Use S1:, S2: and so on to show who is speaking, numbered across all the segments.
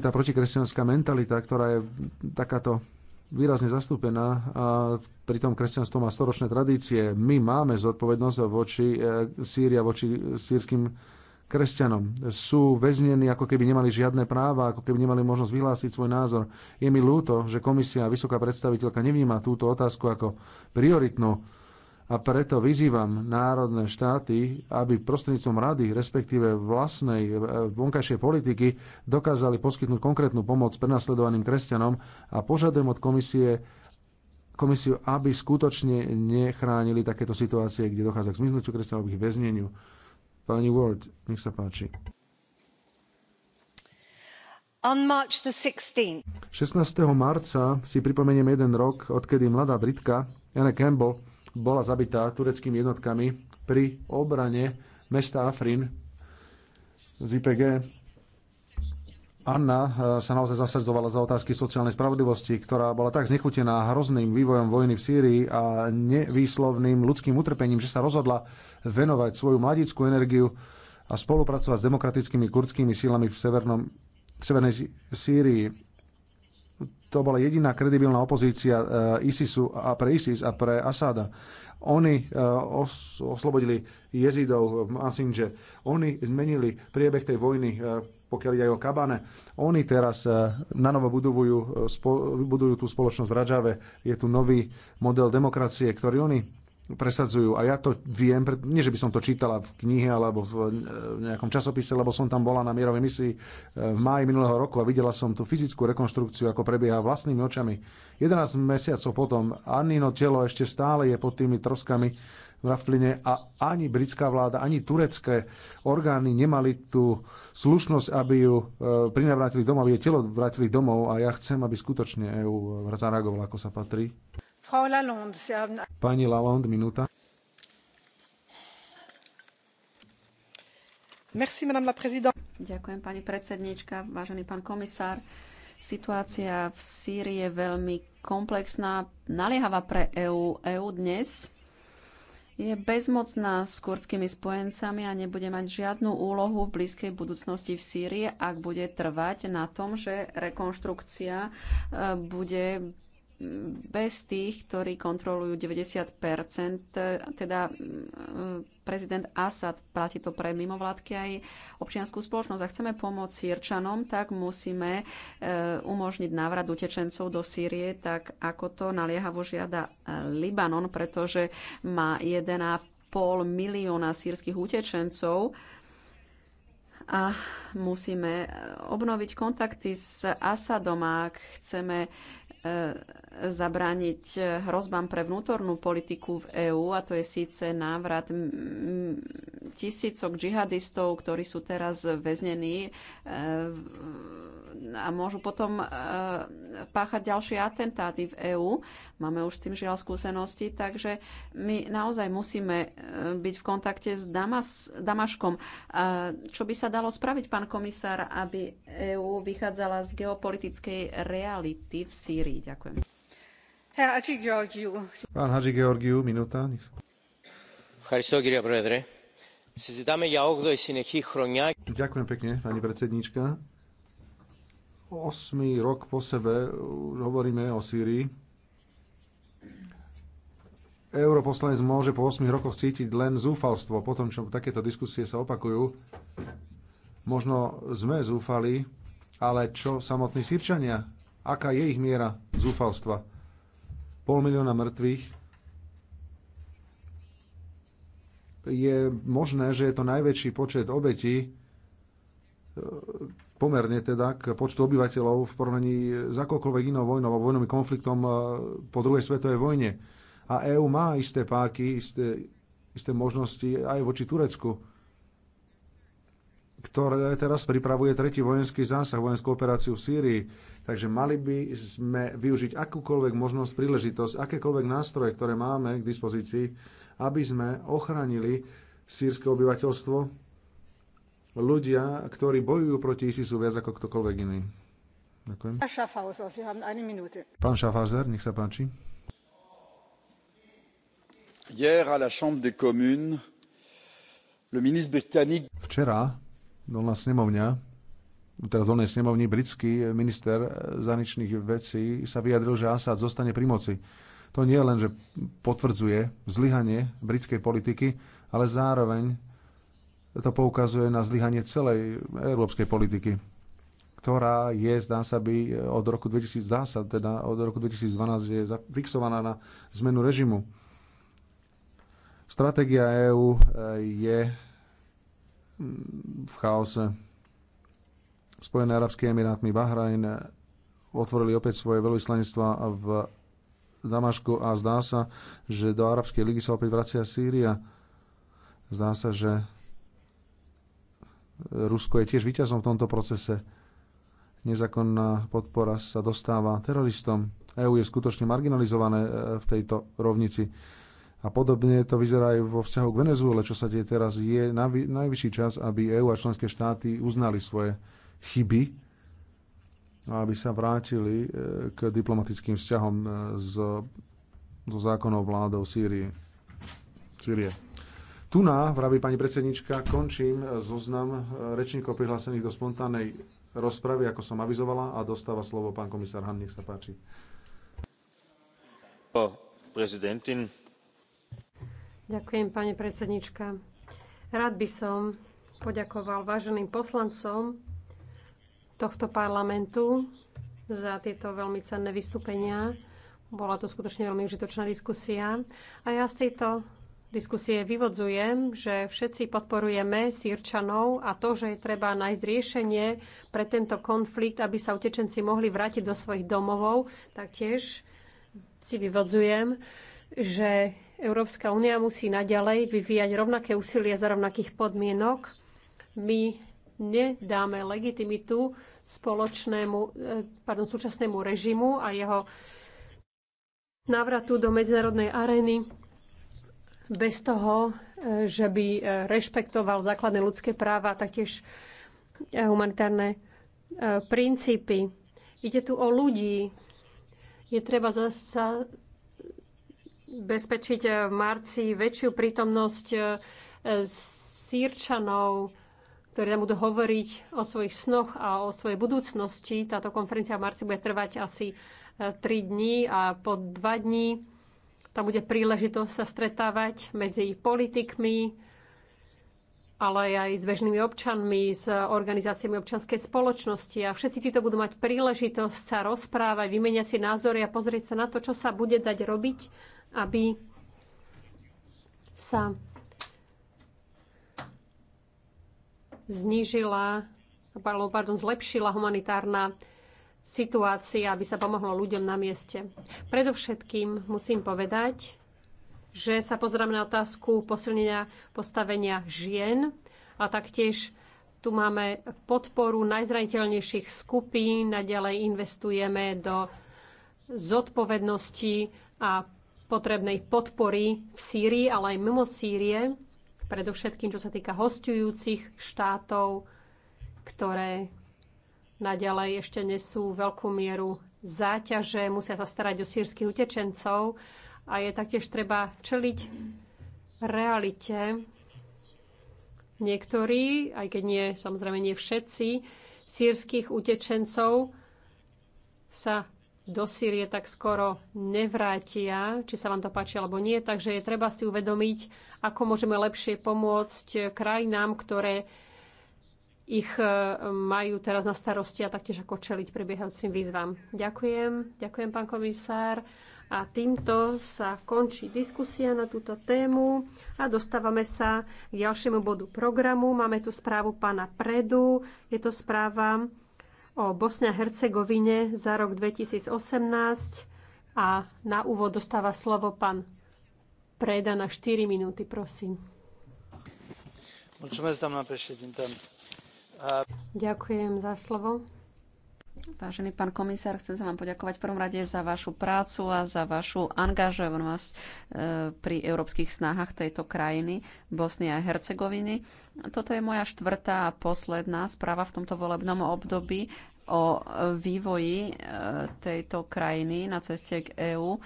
S1: tá protikresťanská mentalita, ktorá je takáto výrazne zastúpená a pritom kresťanstvo má storočné tradície. My máme zodpovednosť voči e, Sýria, voči sírským kresťanom. Sú väznení, ako keby nemali žiadne práva, ako keby nemali možnosť vyhlásiť svoj názor. Je mi ľúto, že komisia a vysoká predstaviteľka nevníma túto otázku ako prioritnú a preto vyzývam národné štáty, aby prostredníctvom rady, respektíve vlastnej e, vonkajšej politiky, dokázali poskytnúť konkrétnu pomoc prenasledovaným kresťanom a požadujem od komisie, komisiu, aby skutočne nechránili takéto situácie, kde dochádza k zmiznutiu kresťanov, k väzneniu. Pani Ward, nech sa páči.
S2: 16.
S1: marca si pripomenieme jeden rok, odkedy mladá Britka Jane Campbell bola zabitá tureckými jednotkami pri obrane mesta Afrin z IPG. Anna eh, sa naozaj zasadzovala za otázky sociálnej spravodlivosti, ktorá bola tak znechutená hrozným vývojom vojny v Sýrii a nevýslovným ľudským utrpením, že sa rozhodla venovať svoju mladickú energiu a spolupracovať s demokratickými kurdskými sílami v, severnom, v severnej Sýrii to bola jediná kredibilná opozícia eh, ISISu a pre ISIS a pre Asáda. Oni eh, oslobodili jezidov v Masinže. Oni zmenili priebeh tej vojny, eh, pokiaľ ide aj o Kabane. Oni teraz nanovo budujú, budujú tú spoločnosť v Radžave. Je tu nový model demokracie, ktorý oni presadzujú. A ja to viem, nie že by som to čítala v knihe alebo v e, nejakom časopise, lebo som tam bola na mierovej misii e, v máji minulého roku a videla som tú fyzickú rekonštrukciu, ako prebieha vlastnými očami. 11 mesiacov potom Annino telo ešte stále je pod tými troskami v Rafline a ani britská vláda, ani turecké orgány nemali tú slušnosť, aby ju e, prinavrátili domov, aby jej telo vrátili domov a ja chcem, aby skutočne EU zareagovala, ako sa patrí.
S3: Pani
S1: Lalonde, minúta.
S3: Ďakujem, pani predsedníčka. vážený pán komisár. Situácia v Sýrii je veľmi komplexná, naliehavá pre EÚ. EÚ dnes je bezmocná s kurdskými spojencami a nebude mať žiadnu úlohu v blízkej budúcnosti v Sýrii, ak bude trvať na tom, že rekonštrukcia e, bude bez tých, ktorí kontrolujú 90 teda prezident Assad, platí to pre mimovládky aj občianskú spoločnosť. A chceme pomôcť Sýrčanom, tak musíme e, umožniť návrat utečencov do Sýrie, tak ako to naliehavo žiada e, Libanon, pretože má 1,5 milióna sírskych utečencov a musíme e, obnoviť kontakty s Asadom, a chceme zabrániť hrozbám pre vnútornú politiku v EÚ a to je síce návrat tisícok džihadistov, ktorí sú teraz väznení e, a môžu potom e, páchať ďalšie atentáty v EÚ. Máme už s tým žiaľ skúsenosti, takže my naozaj musíme e, byť v kontakte s Damas, Damaškom. Čo by sa dalo spraviť, pán komisár, aby EÚ vychádzala z geopolitickej reality v Sýrii? Ďakujem.
S4: Ďakujem
S1: pekne, pani predsedníčka. Osmý rok po sebe hovoríme o Sýrii. Europoslanec môže po 8 rokoch cítiť len zúfalstvo po tom, čo takéto diskusie sa opakujú. Možno sme zúfali, ale čo samotní Sýrčania? Aká je ich miera zúfalstva? pol milióna mŕtvych, je možné, že je to najväčší počet obetí e, pomerne teda k počtu obyvateľov v porovnaní s akokoľvek inou vojnou alebo vojnovým konfliktom e, po druhej svetovej vojne. A EÚ má isté páky, isté, isté možnosti aj voči Turecku ktoré teraz pripravuje tretí vojenský zásah, vojenskú operáciu v Sýrii. Takže mali by sme využiť akúkoľvek možnosť, príležitosť, akékoľvek nástroje, ktoré máme k dispozícii, aby sme ochránili sírske obyvateľstvo, ľudia, ktorí bojujú proti ISISu viac ako ktokoľvek iný. Ďakujem. Pán Schaffhauser, nech sa páči. Včera dolná snemovňa, teda dolnej snemovni, britský minister zahraničných vecí sa vyjadril, že Assad zostane pri moci. To nie len, že potvrdzuje zlyhanie britskej politiky, ale zároveň to poukazuje na zlyhanie celej európskej politiky, ktorá je, zdá sa by, od roku 2000, zdá sa, teda od roku 2012 je fixovaná na zmenu režimu. Stratégia EÚ e, je v chaose. Spojené arabské emirátmi Bahrajn otvorili opäť svoje veľvyslanectvá v Damašku a zdá sa, že do Arabskej ligy sa opäť vracia Sýria. Zdá sa, že Rusko je tiež víťazom v tomto procese. Nezákonná podpora sa dostáva teroristom. EÚ je skutočne marginalizované e, v tejto rovnici. A podobne to vyzerá aj vo vzťahu k Venezuele, čo sa deje teraz. Je najvyšší čas, aby EÚ a členské štáty uznali svoje chyby a aby sa vrátili e, k diplomatickým vzťahom e, so, so zákonnou vládou Sýrie. Sýrie. Tu na, vraví pani predsednička, končím e, zoznam rečníkov prihlásených do spontánnej rozpravy, ako som avizovala, a dostáva slovo pán komisár Han, nech sa páči.
S5: Prezidentin,
S4: Ďakujem, pani predsednička. Rád by som poďakoval váženým poslancom tohto parlamentu za tieto veľmi cenné vystúpenia. Bola to skutočne veľmi užitočná diskusia. A ja z tejto diskusie vyvodzujem, že všetci podporujeme Sýrčanov a to, že je treba nájsť riešenie pre tento konflikt, aby sa utečenci mohli vrátiť do svojich domovov, tak tiež si vyvodzujem, že Európska únia musí naďalej vyvíjať rovnaké úsilie za rovnakých podmienok. My nedáme legitimitu spoločnému, e, pardon, súčasnému režimu a jeho návratu do medzinárodnej arény bez toho, e, že by e, rešpektoval základné ľudské práva a taktiež humanitárne princípy. Ide tu o ľudí. Je treba sa zabezpečiť eh, v marci väčšiu prítomnosť eh, sírčanov, ktorí tam budú hovoriť o svojich snoch a o svojej budúcnosti. Táto konferencia v marci bude trvať asi 3 eh, dní a po 2 dní tam bude príležitosť sa stretávať medzi politikmi, ale aj s bežnými občanmi, s organizáciami občanskej spoločnosti. A všetci títo budú mať príležitosť sa rozprávať, vymeniať si názory a pozrieť sa na to, čo sa bude dať robiť aby sa znižila, pardon, zlepšila humanitárna situácia, aby sa pomohlo ľuďom na mieste. Predovšetkým musím povedať, že sa pozeráme na otázku posilnenia postavenia žien a taktiež tu máme podporu najzraniteľnejších skupín, naďalej investujeme do zodpovednosti a potrebnej podpory v Sýrii, ale aj mimo Sýrie, predovšetkým čo sa týka hostujúcich štátov, ktoré naďalej ešte nesú veľkú mieru záťaže, musia sa starať o sírskych utečencov a je taktiež treba čeliť realite. Niektorí, aj keď nie, samozrejme nie všetci, sírskych utečencov sa do Sýrie tak skoro nevrátia, či sa vám to páči alebo nie. Takže je treba si uvedomiť, ako môžeme lepšie pomôcť krajinám, ktoré ich e, majú teraz na starosti a taktiež ako čeliť prebiehajúcim výzvam. Ďakujem, ďakujem pán komisár. A týmto sa končí diskusia na túto tému a dostávame sa k ďalšiemu bodu programu. Máme tu správu pána Predu. Je to správa o Bosne a Hercegovine za rok 2018 a na úvod dostáva slovo pán Preda na 4 minúty, prosím.
S3: Ďakujem za slovo. Vážený pán komisár, chcem sa vám poďakovať v prvom rade za vašu prácu a za vašu angažovanosť e, pri európskych snahách tejto krajiny, Bosny a Hercegoviny. Toto je moja štvrtá a posledná správa v tomto volebnom období o e, vývoji e, tejto krajiny na ceste k EÚ.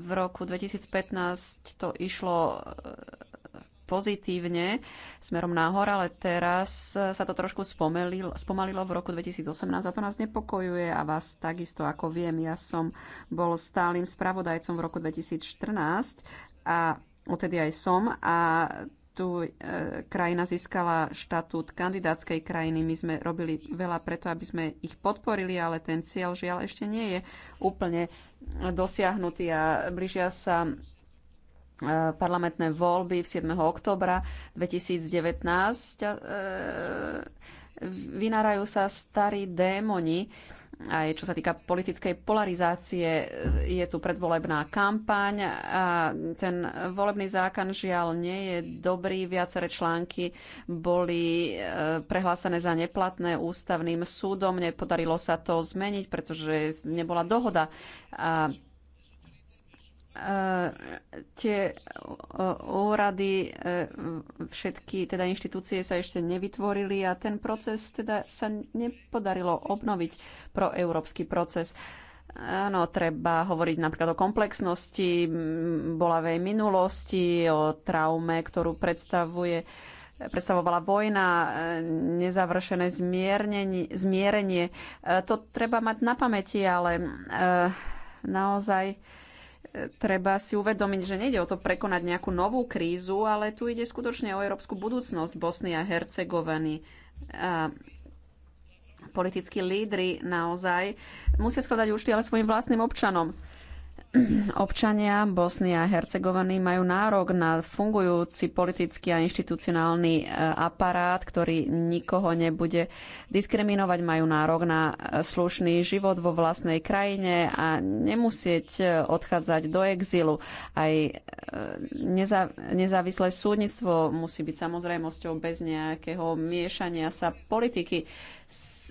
S3: V roku 2015 to išlo pozitívne smerom nahor, ale teraz sa to trošku spomalilo, spomalilo v roku 2018 a to nás nepokojuje a vás takisto, ako viem, ja som bol stálym spravodajcom v roku 2014 a odtedy aj som a tu e, krajina získala štatút kandidátskej krajiny. My sme robili veľa preto, aby sme ich podporili, ale ten cieľ žiaľ ešte nie je úplne dosiahnutý a blížia sa E, parlamentné voľby v 7. oktobra 2019. E, vynárajú sa starí démoni, aj čo sa týka politickej polarizácie. Je tu predvolebná kampaň a ten volebný zákon žiaľ nie je dobrý. Viaceré články boli e, prehlásené za neplatné ústavným súdom. Nepodarilo sa to zmeniť, pretože nebola dohoda. A E, tie úrady, e, všetky teda inštitúcie sa ešte nevytvorili a ten proces teda sa nepodarilo obnoviť pro európsky proces. Áno, treba hovoriť napríklad o komplexnosti bolavej minulosti, o traume, ktorú predstavuje predstavovala vojna, e, nezavršené zmierenie. To treba mať na pamäti, ale naozaj treba si uvedomiť, že nejde o to prekonať nejakú novú krízu, ale tu ide skutočne o európsku budúcnosť Bosny a Hercegoviny. A politickí lídry naozaj musia skladať účty ale svojim vlastným občanom. Občania Bosny a Hercegoviny majú nárok na fungujúci politický a inštitucionálny e, aparát, ktorý nikoho nebude diskriminovať. Majú nárok na e, slušný život vo vlastnej krajine a nemusieť e, odchádzať do exilu. Aj nezávislé súdnictvo musí byť samozrejmosťou bez nejakého miešania sa politiky.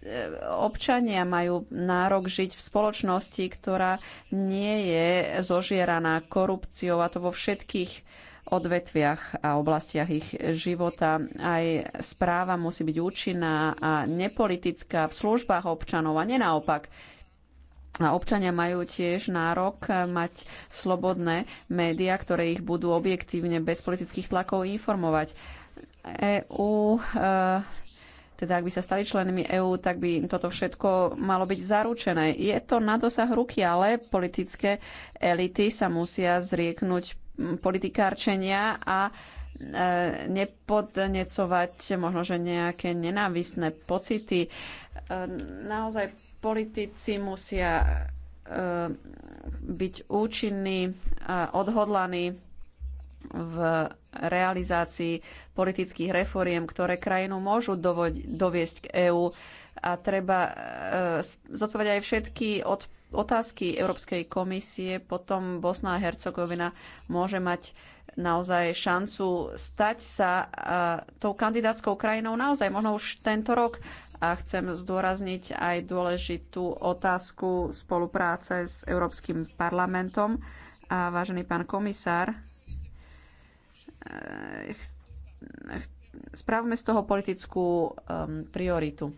S3: E, občania majú nárok žiť v spoločnosti, ktorá nie je zožieraná korupciou a to vo všetkých odvetviach a oblastiach ich života. Aj správa musí byť účinná a nepolitická v službách občanov a nenaopak. A občania majú tiež nárok mať slobodné médiá, ktoré ich budú objektívne bez politických tlakov informovať. EÚ teda ak by sa stali členmi EÚ, tak by im toto všetko malo byť zaručené. Je to na dosah ruky, ale politické elity sa musia zrieknúť politikárčenia a e, nepodnecovať možno, že nejaké nenávisné pocity. E, naozaj politici musia e, byť účinní, odhodlaní v realizácii politických reforiem, ktoré krajinu môžu dovoď, doviesť k EÚ. A treba e, zodpovedať aj všetky od, otázky Európskej komisie. Potom Bosna a Hercegovina môže mať naozaj šancu stať sa e, tou kandidátskou krajinou naozaj možno už tento rok. A chcem zdôrazniť aj dôležitú otázku spolupráce s Európskym parlamentom. A vážený pán komisár, Eh, spravme z toho politickú um, prioritu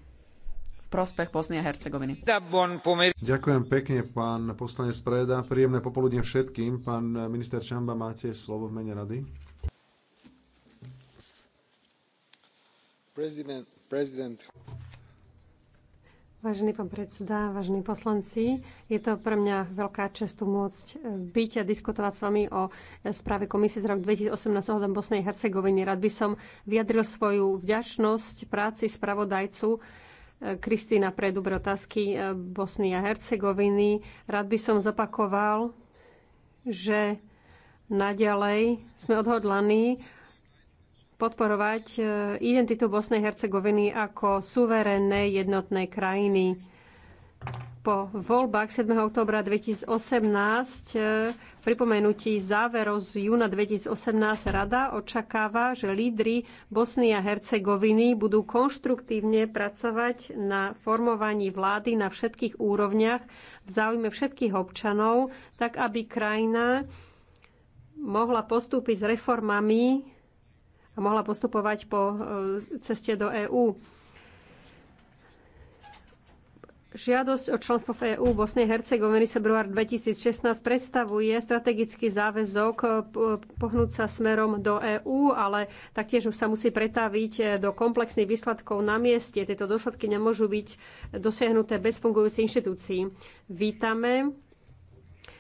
S3: v prospech Bosny a Hercegoviny.
S1: Ďakujem pekne, pán poslanec Preda. Príjemné popoludne všetkým. Pán minister Čamba, máte slovo v mene rady. President, president.
S4: Vážený pán predseda, vážení poslanci, je to pre mňa veľká čest tu môcť eh, byť a diskutovať s vami o eh, správe komisie z roku 2018 ohľadom Bosnej Hercegoviny. Rád by som vyjadril svoju vďačnosť práci spravodajcu eh, Kristýna pre dobré otázky Bosny a Hercegoviny. Rád by som zopakoval, že naďalej sme odhodlaní podporovať e, identitu Bosnej Hercegoviny ako suverénnej jednotnej krajiny. Po voľbách 7. oktobra 2018 pripomenutí záverov z júna 2018 rada očakáva, že lídry Bosny a Hercegoviny budú konštruktívne pracovať na formovaní vlády na všetkých úrovniach v záujme všetkých občanov, tak aby krajina mohla postúpiť s reformami a mohla postupovať po e, ceste do EÚ. Žiadosť o členstvo v EÚ Bosnej Hercegoviny február 2016 predstavuje strategický záväzok e, pohnúť sa smerom do EÚ, ale taktiež už sa musí pretaviť e, do komplexných výsledkov na mieste. Tieto dôsledky nemôžu byť dosiahnuté bez fungujúcej inštitúcií. Vítame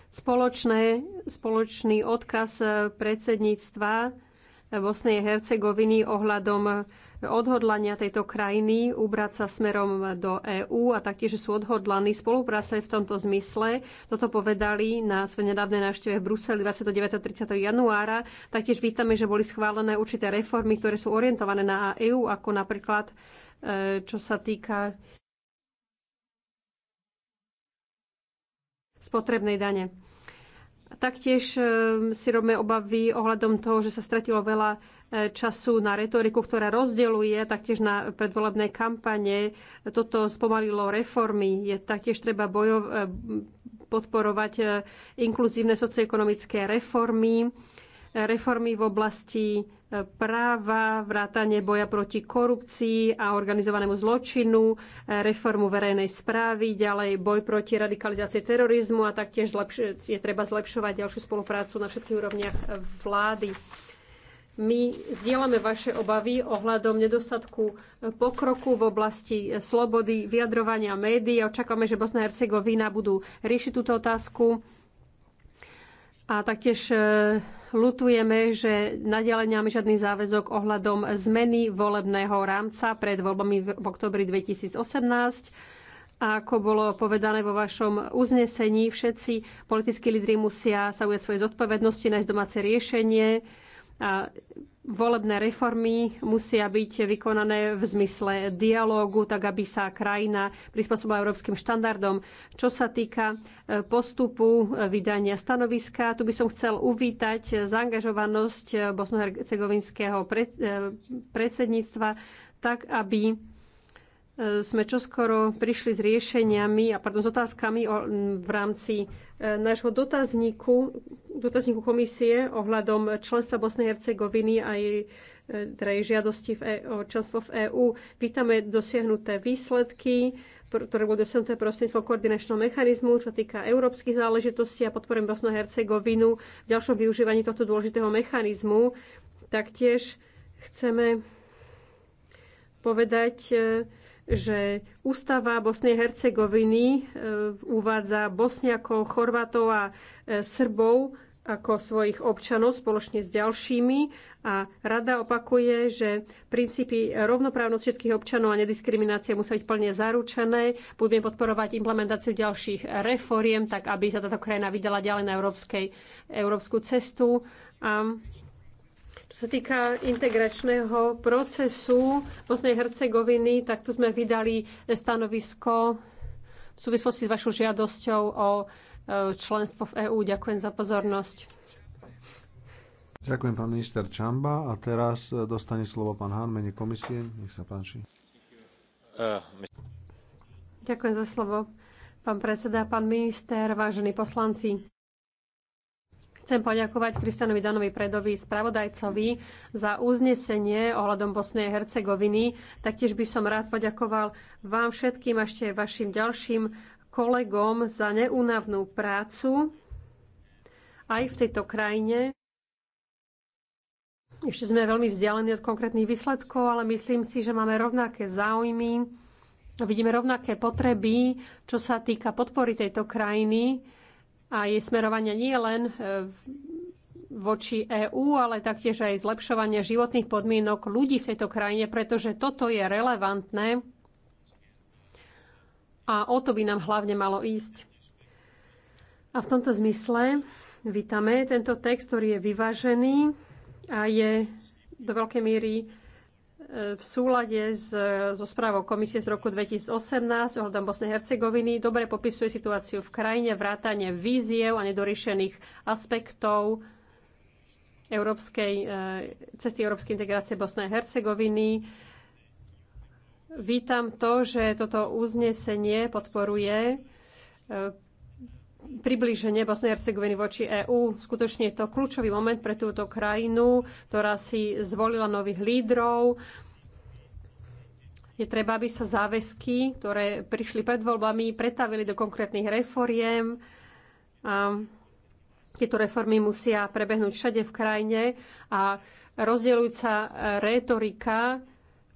S4: spoločné, spoločný odkaz predsedníctva Bosnej a Hercegoviny ohľadom odhodlania tejto krajiny ubrať sa smerom do EÚ a taktiež sú odhodlaní spolupráce v tomto zmysle. Toto povedali na svojej nedávne návšteve v Bruseli 29. 30. januára. Taktiež vítame, že boli schválené určité reformy, ktoré sú orientované na EÚ, ako napríklad e, čo sa týka spotrebnej dane. Taktiež e, si robíme obavy ohľadom toho, že sa stratilo veľa e, času na retoriku, ktorá rozdeluje, taktiež na predvolebné kampane. Toto spomalilo reformy. Je taktiež treba bojov, e, podporovať inkluzívne socioekonomické reformy, reformy v oblasti práva, vrátanie boja proti korupcii a organizovanému zločinu, reformu verejnej správy, ďalej boj proti radikalizácii terorizmu a taktiež je treba zlepšovať ďalšiu spoluprácu na všetkých úrovniach vlády. My zdieľame vaše obavy ohľadom nedostatku pokroku v oblasti slobody vyjadrovania médií. a Očakávame, že Bosna a Hercegovina budú riešiť túto otázku. A taktiež Lutujeme, že naďalej nemáme žiadny záväzok ohľadom zmeny volebného rámca pred voľbami v oktobri 2018. A ako bolo povedané vo vašom uznesení, všetci politickí lídry musia sa ujať svoje zodpovednosti, nájsť domáce riešenie a volebné reformy musia byť vykonané v zmysle dialógu, tak aby sa krajina prispôsobila európskym štandardom. Čo sa týka e, postupu e, vydania stanoviska, tu by som chcel uvítať zaangažovanosť e, bosno-hercegovinského predsedníctva, tak aby E, sme čoskoro prišli s riešeniami a pardon, s otázkami o, v rámci e, nášho dotazníku, dotazníku komisie ohľadom členstva Bosnej Hercegoviny a jej, e, teda jej žiadosti v e, o členstvo v EÚ. Vítame dosiahnuté výsledky, ktoré budú dosiahnuté prostredníctvom koordinačného mechanizmu, čo týka európskych záležitostí a podporujem Bosnu a Hercegovinu v ďalšom využívaní tohto dôležitého mechanizmu. Taktiež chceme povedať, že ústava Bosnej Hercegoviny e, uvádza Bosniakov, Chorvatov a e, Srbov ako svojich občanov spoločne s ďalšími a rada opakuje, že princípy rovnoprávnosť všetkých občanov a nediskriminácie musia byť plne zaručené. Budeme podporovať implementáciu ďalších reforiem, tak aby sa táto krajina vydala ďalej na európskej, európsku cestu. A čo sa týka integračného procesu Bosnej Hercegoviny, tak tu sme vydali stanovisko v súvislosti s vašou žiadosťou o e, členstvo v EÚ. Ďakujem za pozornosť.
S1: Ďakujem pán minister Čamba a teraz e, dostane slovo pán Hán, mene komisie. Nech sa páči. E,
S4: Ďakujem za slovo. Pán predseda, pán minister, vážení poslanci. Chcem poďakovať Kristanovi Danovi Predovi, spravodajcovi, za uznesenie ohľadom Bosnej a Hercegoviny. Taktiež by som rád poďakoval vám všetkým a ešte vašim ďalším kolegom za neúnavnú prácu aj v tejto krajine. Ešte sme veľmi vzdialení od konkrétnych výsledkov, ale myslím si, že máme rovnaké záujmy, vidíme rovnaké potreby, čo sa týka podpory tejto krajiny a jej smerovania nie len e, voči EÚ, ale taktiež aj zlepšovanie životných podmienok ľudí v tejto krajine, pretože toto je relevantné a o to by nám hlavne malo ísť. A v tomto zmysle vítame tento text, ktorý je vyvážený a je do veľkej míry v súlade s, so správou komisie z roku 2018 ohľadom Bosnej Hercegoviny dobre popisuje situáciu v krajine, vrátanie víziev a nedoriešených aspektov európskej, eh, cesty európskej integrácie Bosnej Hercegoviny. Vítam to, že toto uznesenie podporuje eh, priblíženie Bosnej Hercegoviny voči EÚ. Skutočne je to kľúčový moment pre túto krajinu, ktorá si zvolila nových lídrov. Je treba, aby sa záväzky, ktoré prišli pred voľbami, pretavili do konkrétnych reforiem. A tieto reformy musia prebehnúť všade v krajine a rozdielujúca rétorika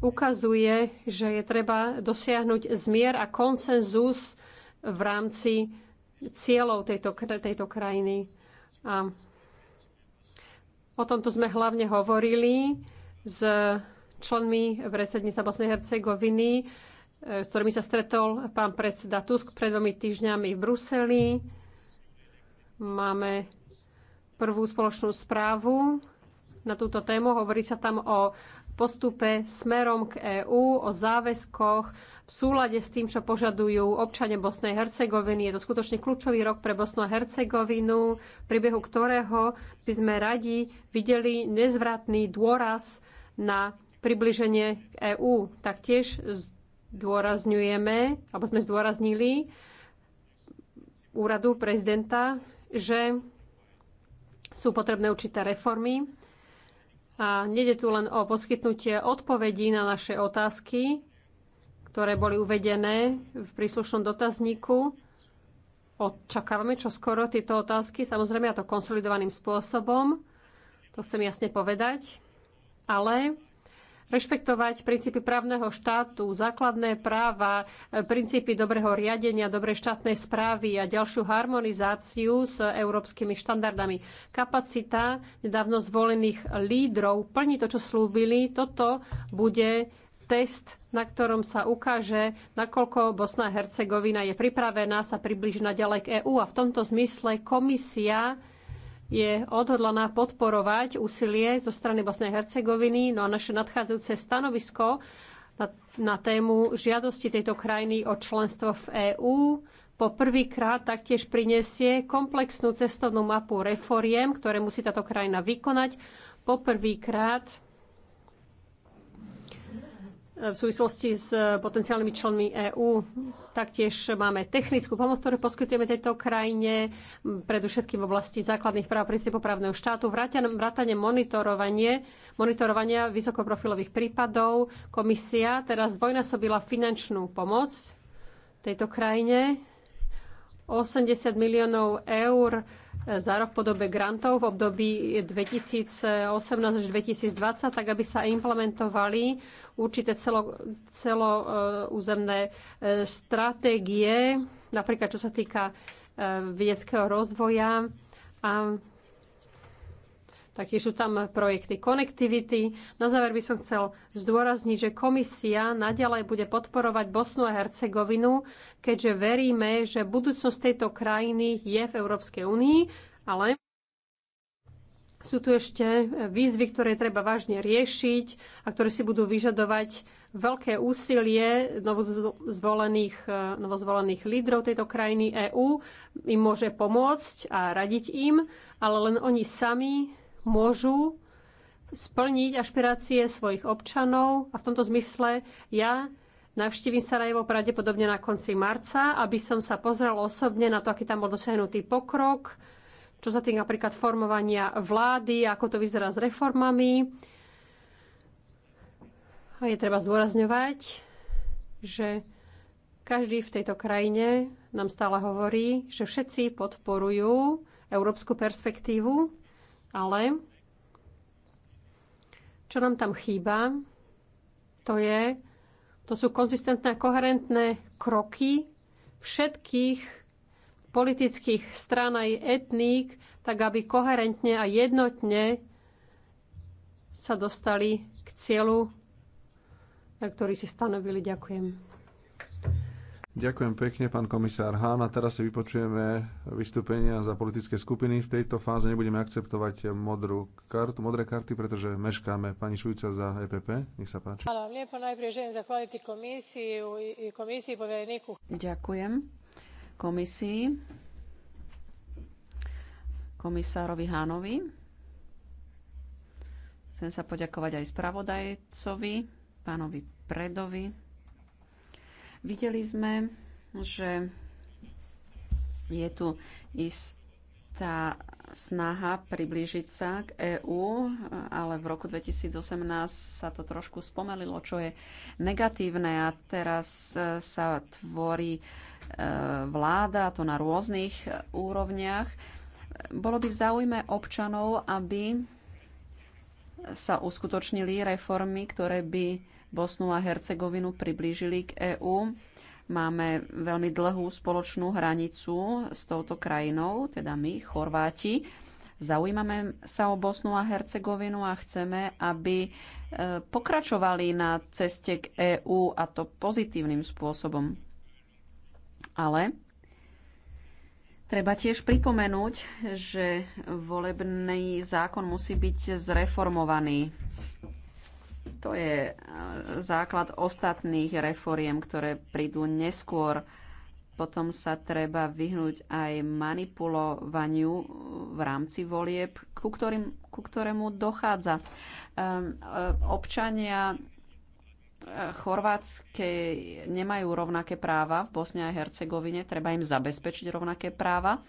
S4: ukazuje, že je treba dosiahnuť zmier a konsenzus v rámci cieľov tejto, tejto krajiny. A o tomto sme hlavne hovorili s členmi predsedníca Bosnej Hercegoviny, e, s ktorými sa stretol pán predseda Tusk pred dvomi týždňami v Bruseli. Máme prvú spoločnú správu na túto tému. Hovorí sa tam o postupe smerom k EÚ o záväzkoch v súlade s tým, čo požadujú občania Bosnej Hercegoviny. Je to skutočne kľúčový rok pre Bosnu a Hercegovinu, v priebehu ktorého by sme radi videli nezvratný dôraz na približenie k EÚ. Taktiež zdôrazňujeme, alebo sme zdôraznili úradu prezidenta, že sú potrebné určité reformy a nede tu len o poskytnutie odpovedí na naše otázky, ktoré boli uvedené v príslušnom dotazníku. Očakávame čo skoro tieto otázky, samozrejme a to konsolidovaným spôsobom. To chcem jasne povedať. Ale rešpektovať princípy právneho štátu, základné práva, e, princípy dobrého riadenia, dobrej štátnej správy a ďalšiu harmonizáciu s európskymi štandardami. Kapacita nedávno zvolených lídrov plní to, čo slúbili. Toto bude test, na ktorom sa ukáže, nakoľko Bosna a Hercegovina je pripravená sa približiť naďalej k EÚ. A v tomto zmysle komisia je odhodlaná podporovať úsilie zo strany Bosnej Hercegoviny. No a naše nadchádzajúce stanovisko na, na tému žiadosti tejto krajiny o členstvo v EÚ po prvýkrát taktiež prinesie komplexnú cestovnú mapu reforiem, ktoré musí táto krajina vykonať. Po prvýkrát E, v súvislosti s e, potenciálnymi členmi EÚ. Taktiež máme technickú pomoc, ktorú poskytujeme tejto krajine, predovšetkým v oblasti základných práv princípov právneho štátu, vrátane monitorovanie, monitorovania vysokoprofilových prípadov. Komisia teraz dvojnásobila finančnú pomoc tejto krajine 80 miliónov eur eh, za rok v podobe grantov v období 2018 až 2020, tak aby sa implementovali určité celo, celoúzemné eh, eh, stratégie, napríklad čo sa týka vedeckého rozvoja a Taktiež sú tam projekty Connectivity. Na záver by som chcel zdôrazniť, že komisia naďalej bude podporovať Bosnu a Hercegovinu, keďže veríme, že budúcnosť tejto krajiny je v Európskej únii, ale sú tu ešte výzvy, ktoré treba vážne riešiť a ktoré si budú vyžadovať veľké úsilie novozvolených, novozvolených lídrov tejto krajiny EÚ. Im môže pomôcť a radiť im, ale len oni sami môžu splniť ašpirácie svojich občanov a v tomto zmysle ja Navštívim Sarajevo pravdepodobne na konci marca, aby som sa pozrel osobne na to, aký tam bol dosiahnutý pokrok, čo sa tým napríklad formovania vlády, ako to vyzerá s reformami. A je treba zdôrazňovať, že každý v tejto krajine nám stále hovorí, že všetci podporujú európsku perspektívu ale čo nám tam chýba, to, je, to sú konzistentné a koherentné kroky všetkých politických strán aj etník, tak aby koherentne a jednotne sa dostali k cieľu, ktorý si stanovili. Ďakujem.
S1: Ďakujem pekne, pán komisár Hán. A teraz si vypočujeme vystúpenia za politické skupiny. V tejto fáze nebudeme akceptovať modrú kartu, modré karty, pretože meškáme. Pani Šujca za EPP, nech sa páči.
S6: Hvala vám
S4: Najprv želim zahvaliti komisii i komisiji
S1: Ďakujem
S3: komisii, komisárovi Hánovi. Chcem sa poďakovať aj spravodajcovi, pánovi Predovi, Videli sme, že je tu istá snaha priblížiť sa k EÚ, ale v roku 2018 sa to trošku spomalilo, čo je negatívne a teraz e, sa tvorí e, vláda, to na rôznych e, úrovniach. Bolo by v záujme občanov, aby sa uskutočnili reformy, ktoré by Bosnu a Hercegovinu priblížili k EÚ. Máme veľmi dlhú spoločnú hranicu s touto krajinou, teda my, Chorváti. Zaujímame sa o Bosnu a Hercegovinu a chceme, aby e, pokračovali na ceste k EÚ a to pozitívnym spôsobom. Ale Treba tiež pripomenúť, že volebný zákon musí byť zreformovaný. To je e, základ ostatných reforiem, ktoré prídu neskôr. Potom sa treba vyhnúť aj manipulovaniu e, v rámci volieb, ku, ktorým, ku ktorému dochádza. Ehm, e, občania Chorvátske nemajú rovnaké práva v Bosne a Hercegovine, treba im zabezpečiť rovnaké práva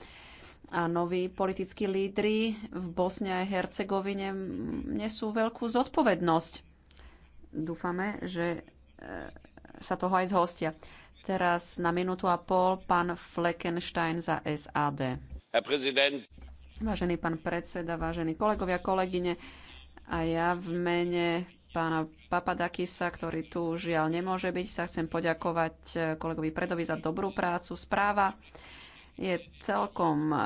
S3: a noví politickí lídry v Bosne a Hercegovine nesú veľkú zodpovednosť dúfame, že e, sa toho aj zhostia. Teraz na minútu a pol pán Fleckenstein za SAD. Vážený pán predseda, vážení kolegovia, kolegyne, a ja v mene pána Papadakisa, ktorý tu žiaľ nemôže byť, sa chcem poďakovať e, kolegovi Predovi za dobrú prácu. Správa je celkom e,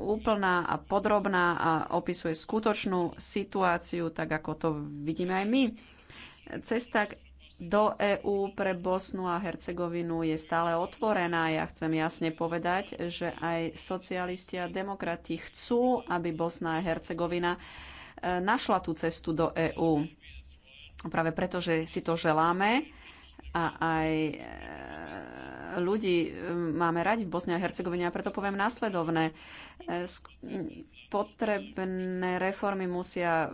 S3: úplná a podrobná a opisuje skutočnú situáciu, tak ako to vidíme aj my. Cesta do EÚ pre Bosnu a Hercegovinu je stále otvorená. Ja chcem jasne povedať, že aj socialisti a demokrati chcú, aby Bosna a Hercegovina e, našla tú cestu do EÚ. Práve preto, že si to želáme a aj e, ľudí e, máme radi v Bosne a Hercegovine a preto poviem následovné. Potrebné reformy musia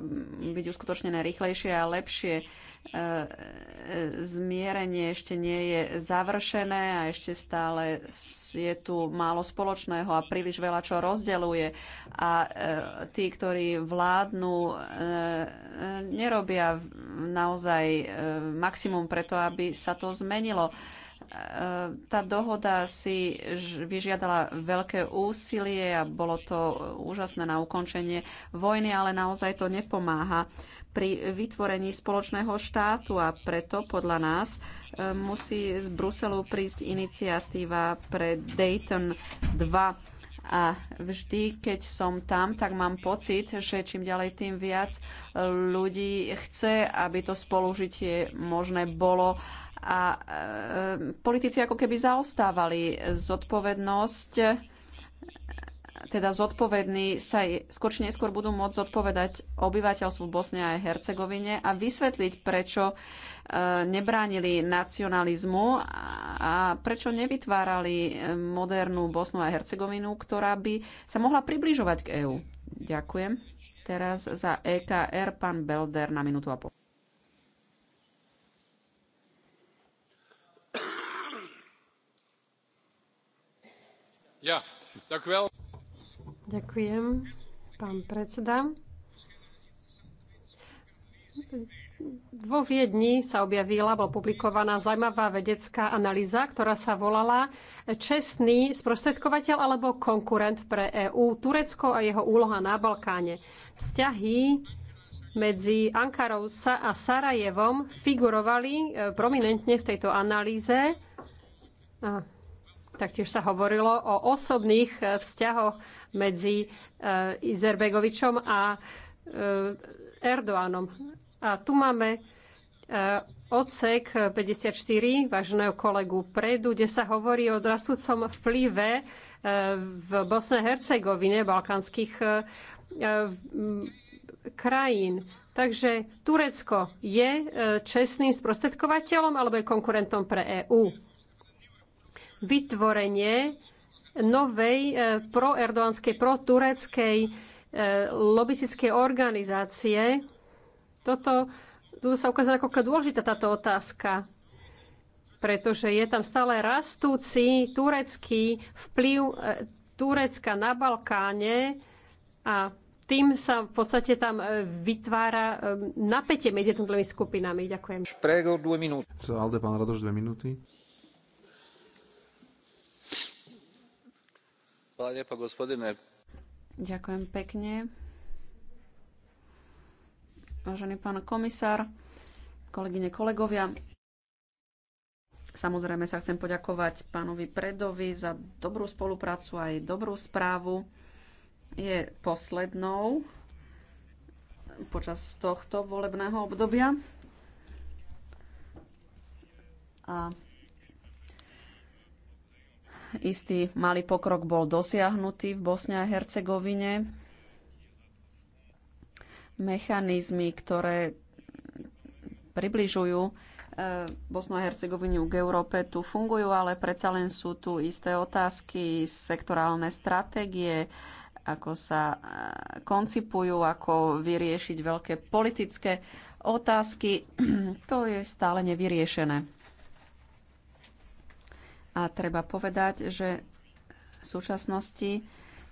S3: byť uskutočnené rýchlejšie a lepšie E, e, zmierenie ešte nie je završené a ešte stále je tu málo spoločného a príliš veľa čo rozdeluje. A e, tí, ktorí vládnu, nerobia naozaj maximum preto, aby sa to zmenilo tá dohoda si vyžiadala veľké úsilie a bolo to úžasné na ukončenie vojny, ale naozaj to nepomáha pri vytvorení spoločného štátu a preto podľa nás e, musí z Bruselu prísť iniciatíva pre Dayton 2 a vždy, keď som tam, tak mám pocit, že čím ďalej tým viac ľudí chce, aby to spolužitie možné bolo. A e, politici ako keby zaostávali zodpovednosť teda zodpovední sa skôr či neskôr budú môcť zodpovedať obyvateľstvu v Bosne a Hercegovine a vysvetliť, prečo e, nebránili nacionalizmu a prečo nevytvárali e, modernú Bosnu a Hercegovinu, ktorá by sa mohla približovať k EÚ. Ďakujem. Teraz za EKR pán Belder na minútu a pol.
S5: Ja, ďakujem.
S4: Ďakujem, pán predseda. Vo Viedni sa objavila, bola publikovaná zaujímavá vedecká analýza, ktorá sa volala Čestný sprostredkovateľ alebo konkurent pre EÚ, Turecko a jeho úloha na Balkáne. Vzťahy medzi Ankarou a Sarajevom figurovali eh, prominentne v tejto analýze. A Taktiež sa hovorilo o osobných eh, vzťahoch medzi eh, Izerbegovičom a eh, Erdoánom. A tu máme odsek 54 vážneho kolegu Predu, kde sa hovorí o rastúcom vplyve v Bosne Hercegovine balkánskych krajín. Takže Turecko je čestným sprostredkovateľom alebo je konkurentom pre EÚ? vytvorenie novej e, proerdoánskej, protureckej e, lobistickej organizácie. Toto, toto sa ukázalo ako dôležitá táto otázka, pretože je tam stále rastúci turecký vplyv e, Turecka na Balkáne a tým sa v podstate tam vytvára napätie medzi jednotlivými skupinami. Ďakujem.
S1: Šprego, dve minúty. Alde, pán Radoš, dve minúty. Ďakujem
S3: pekne. Vážený pán komisár, kolegyne, kolegovia, Samozrejme sa chcem poďakovať pánovi Predovi za dobrú spoluprácu aj dobrú správu. Je poslednou počas tohto volebného obdobia. A istý malý pokrok bol dosiahnutý v Bosne a Hercegovine. Mechanizmy, ktoré približujú e, Bosnu a Hercegovinu k Európe, tu fungujú, ale predsa len sú tu isté otázky, sektorálne stratégie, ako sa e, koncipujú, ako vyriešiť veľké politické otázky. To je stále nevyriešené. A treba povedať, že v súčasnosti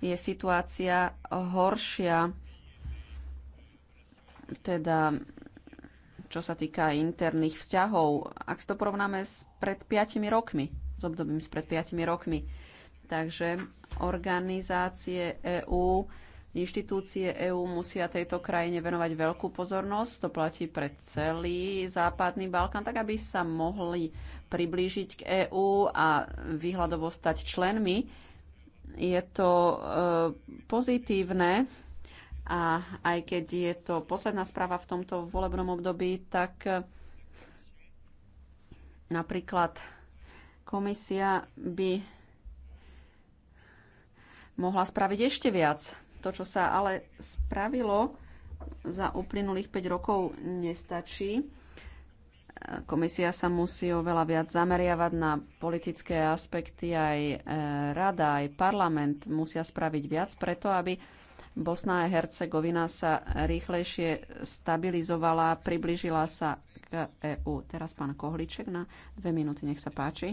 S3: je situácia horšia, teda čo sa týka interných vzťahov, ak to porovnáme s pred 5 rokmi, s obdobím s pred 5 rokmi. Takže organizácie EÚ, inštitúcie EÚ musia tejto krajine venovať veľkú pozornosť. To platí pre celý západný Balkán, tak aby sa mohli priblížiť k EÚ a výhľadovo stať členmi. Je to e, pozitívne a aj keď je to posledná správa v tomto volebnom období, tak e, napríklad komisia by mohla spraviť ešte viac. To, čo sa ale spravilo za uplynulých 5 rokov, nestačí. Komisia sa musí oveľa viac zameriavať na politické aspekty, aj e, rada, aj parlament musia spraviť viac preto, aby Bosna a Hercegovina sa rýchlejšie stabilizovala, priblížila sa k EÚ. Teraz pán Kohliček na dve minúty, nech sa páči.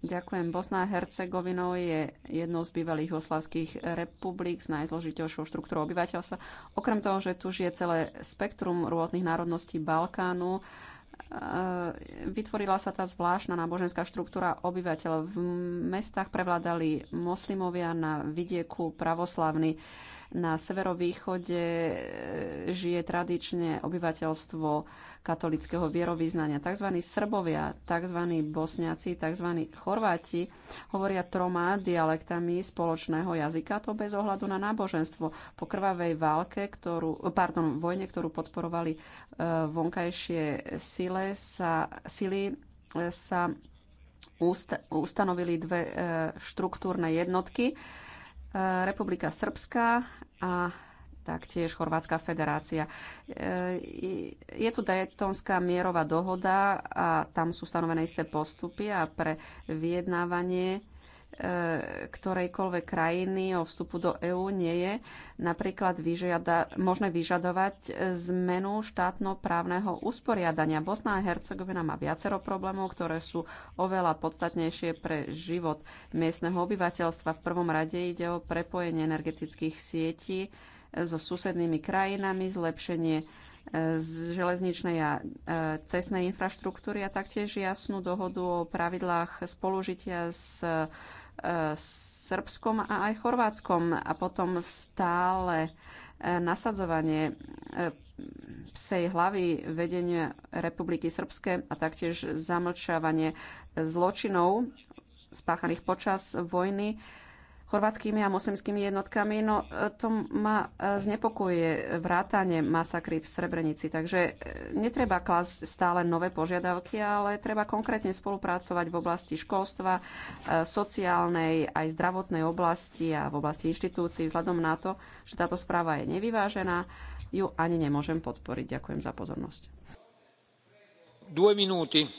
S3: Ďakujem. Bosná a Hercegovina je jednou z bývalých oslavských republik s najzložitejšou štruktúrou obyvateľstva. Okrem toho, že tu žije celé spektrum rôznych národností Balkánu, e, vytvorila sa tá zvláštna náboženská štruktúra obyvateľov. V mestách prevládali moslimovia na vidieku pravoslavní. Na severovýchode e, žije tradične obyvateľstvo katolického vierovýznania. Tzv. Srbovia, tzv. Bosniaci, tzv. Chorváti hovoria troma dialektami spoločného jazyka, to bez ohľadu na náboženstvo. Po krvavej válke, ktorú, pardon, vojne, ktorú podporovali e, vonkajšie sile, sa, sily e, sa ustanovili dve štruktúrne jednotky E, Republika Srbská a taktiež Chorvátska federácia. E, je tu dajetonská mierová dohoda a tam sú stanovené isté postupy a pre vyjednávanie E, ktorejkoľvek krajiny o vstupu do EÚ nie je napríklad vyžiada, možné vyžadovať zmenu štátno-právneho usporiadania. Bosna a Hercegovina má viacero problémov, ktoré sú oveľa podstatnejšie pre život miestneho obyvateľstva. V prvom rade ide o prepojenie energetických sietí so susednými krajinami, zlepšenie e, z železničnej a e, cestnej infraštruktúry a taktiež jasnú dohodu o pravidlách spolužitia s Srbskom a aj Chorvátskom a potom stále e, nasadzovanie e, psej hlavy vedenia Republiky Srbske a taktiež zamlčávanie zločinov spáchaných počas vojny Chorvátskými a moslimskými jednotkami, no e, to ma e, znepokojuje vrátanie masakry v Srebrenici. Takže e, netreba klásť stále nové požiadavky, ale treba konkrétne spolupracovať v oblasti školstva, sociálnej, aj zdravotnej oblasti a v oblasti inštitúcií. Vzhľadom na to, že táto správa je nevyvážená, ju ani nemôžem podporiť. Ďakujem za pozornosť.
S5: Dve minúty.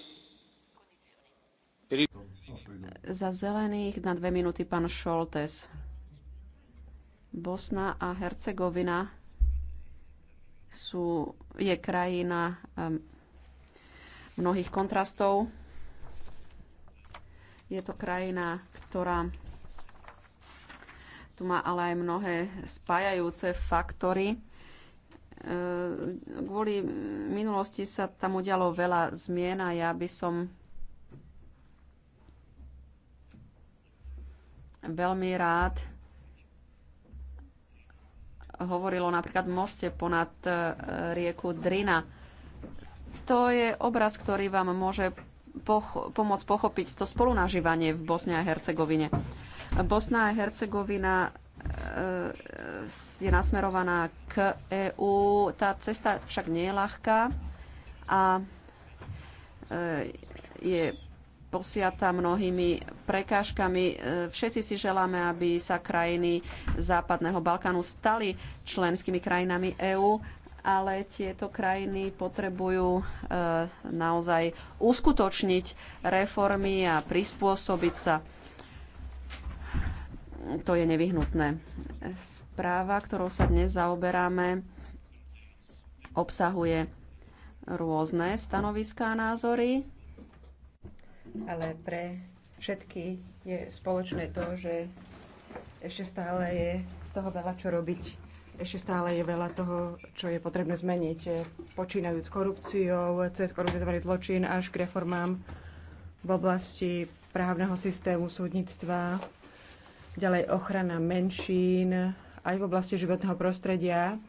S3: Za zelených na dve minúty pán Šoltes. Bosna a Hercegovina sú, je krajina mnohých kontrastov. Je to krajina, ktorá tu má ale aj mnohé spájajúce faktory. E, kvôli minulosti sa tam udialo veľa zmien a ja by som veľmi rád hovorilo o napríklad moste ponad e, rieku Drina. To je obraz, ktorý vám môže poch- pomôcť pochopiť to spolunažívanie v Bosne a Hercegovine. Bosna a Hercegovina e, e, je nasmerovaná k EÚ. Tá cesta však nie je ľahká a je posiata mnohými prekážkami. E, Všetci si želáme, aby sa krajiny Západného Balkánu stali členskými krajinami EÚ, ale tieto krajiny potrebujú e, naozaj uskutočniť reformy a prispôsobiť sa. To je nevyhnutné. Správa, ktorou sa dnes zaoberáme, obsahuje rôzne stanoviská a názory
S2: ale pre
S3: všetky je
S2: spoločné to, že ešte stále je toho veľa, čo robiť ešte stále je veľa toho, čo je potrebné zmeniť. Počínajúc korupciou, cez korupciovaný zločin až k reformám v oblasti právneho systému súdnictva, ďalej ochrana menšín, aj v oblasti životného prostredia.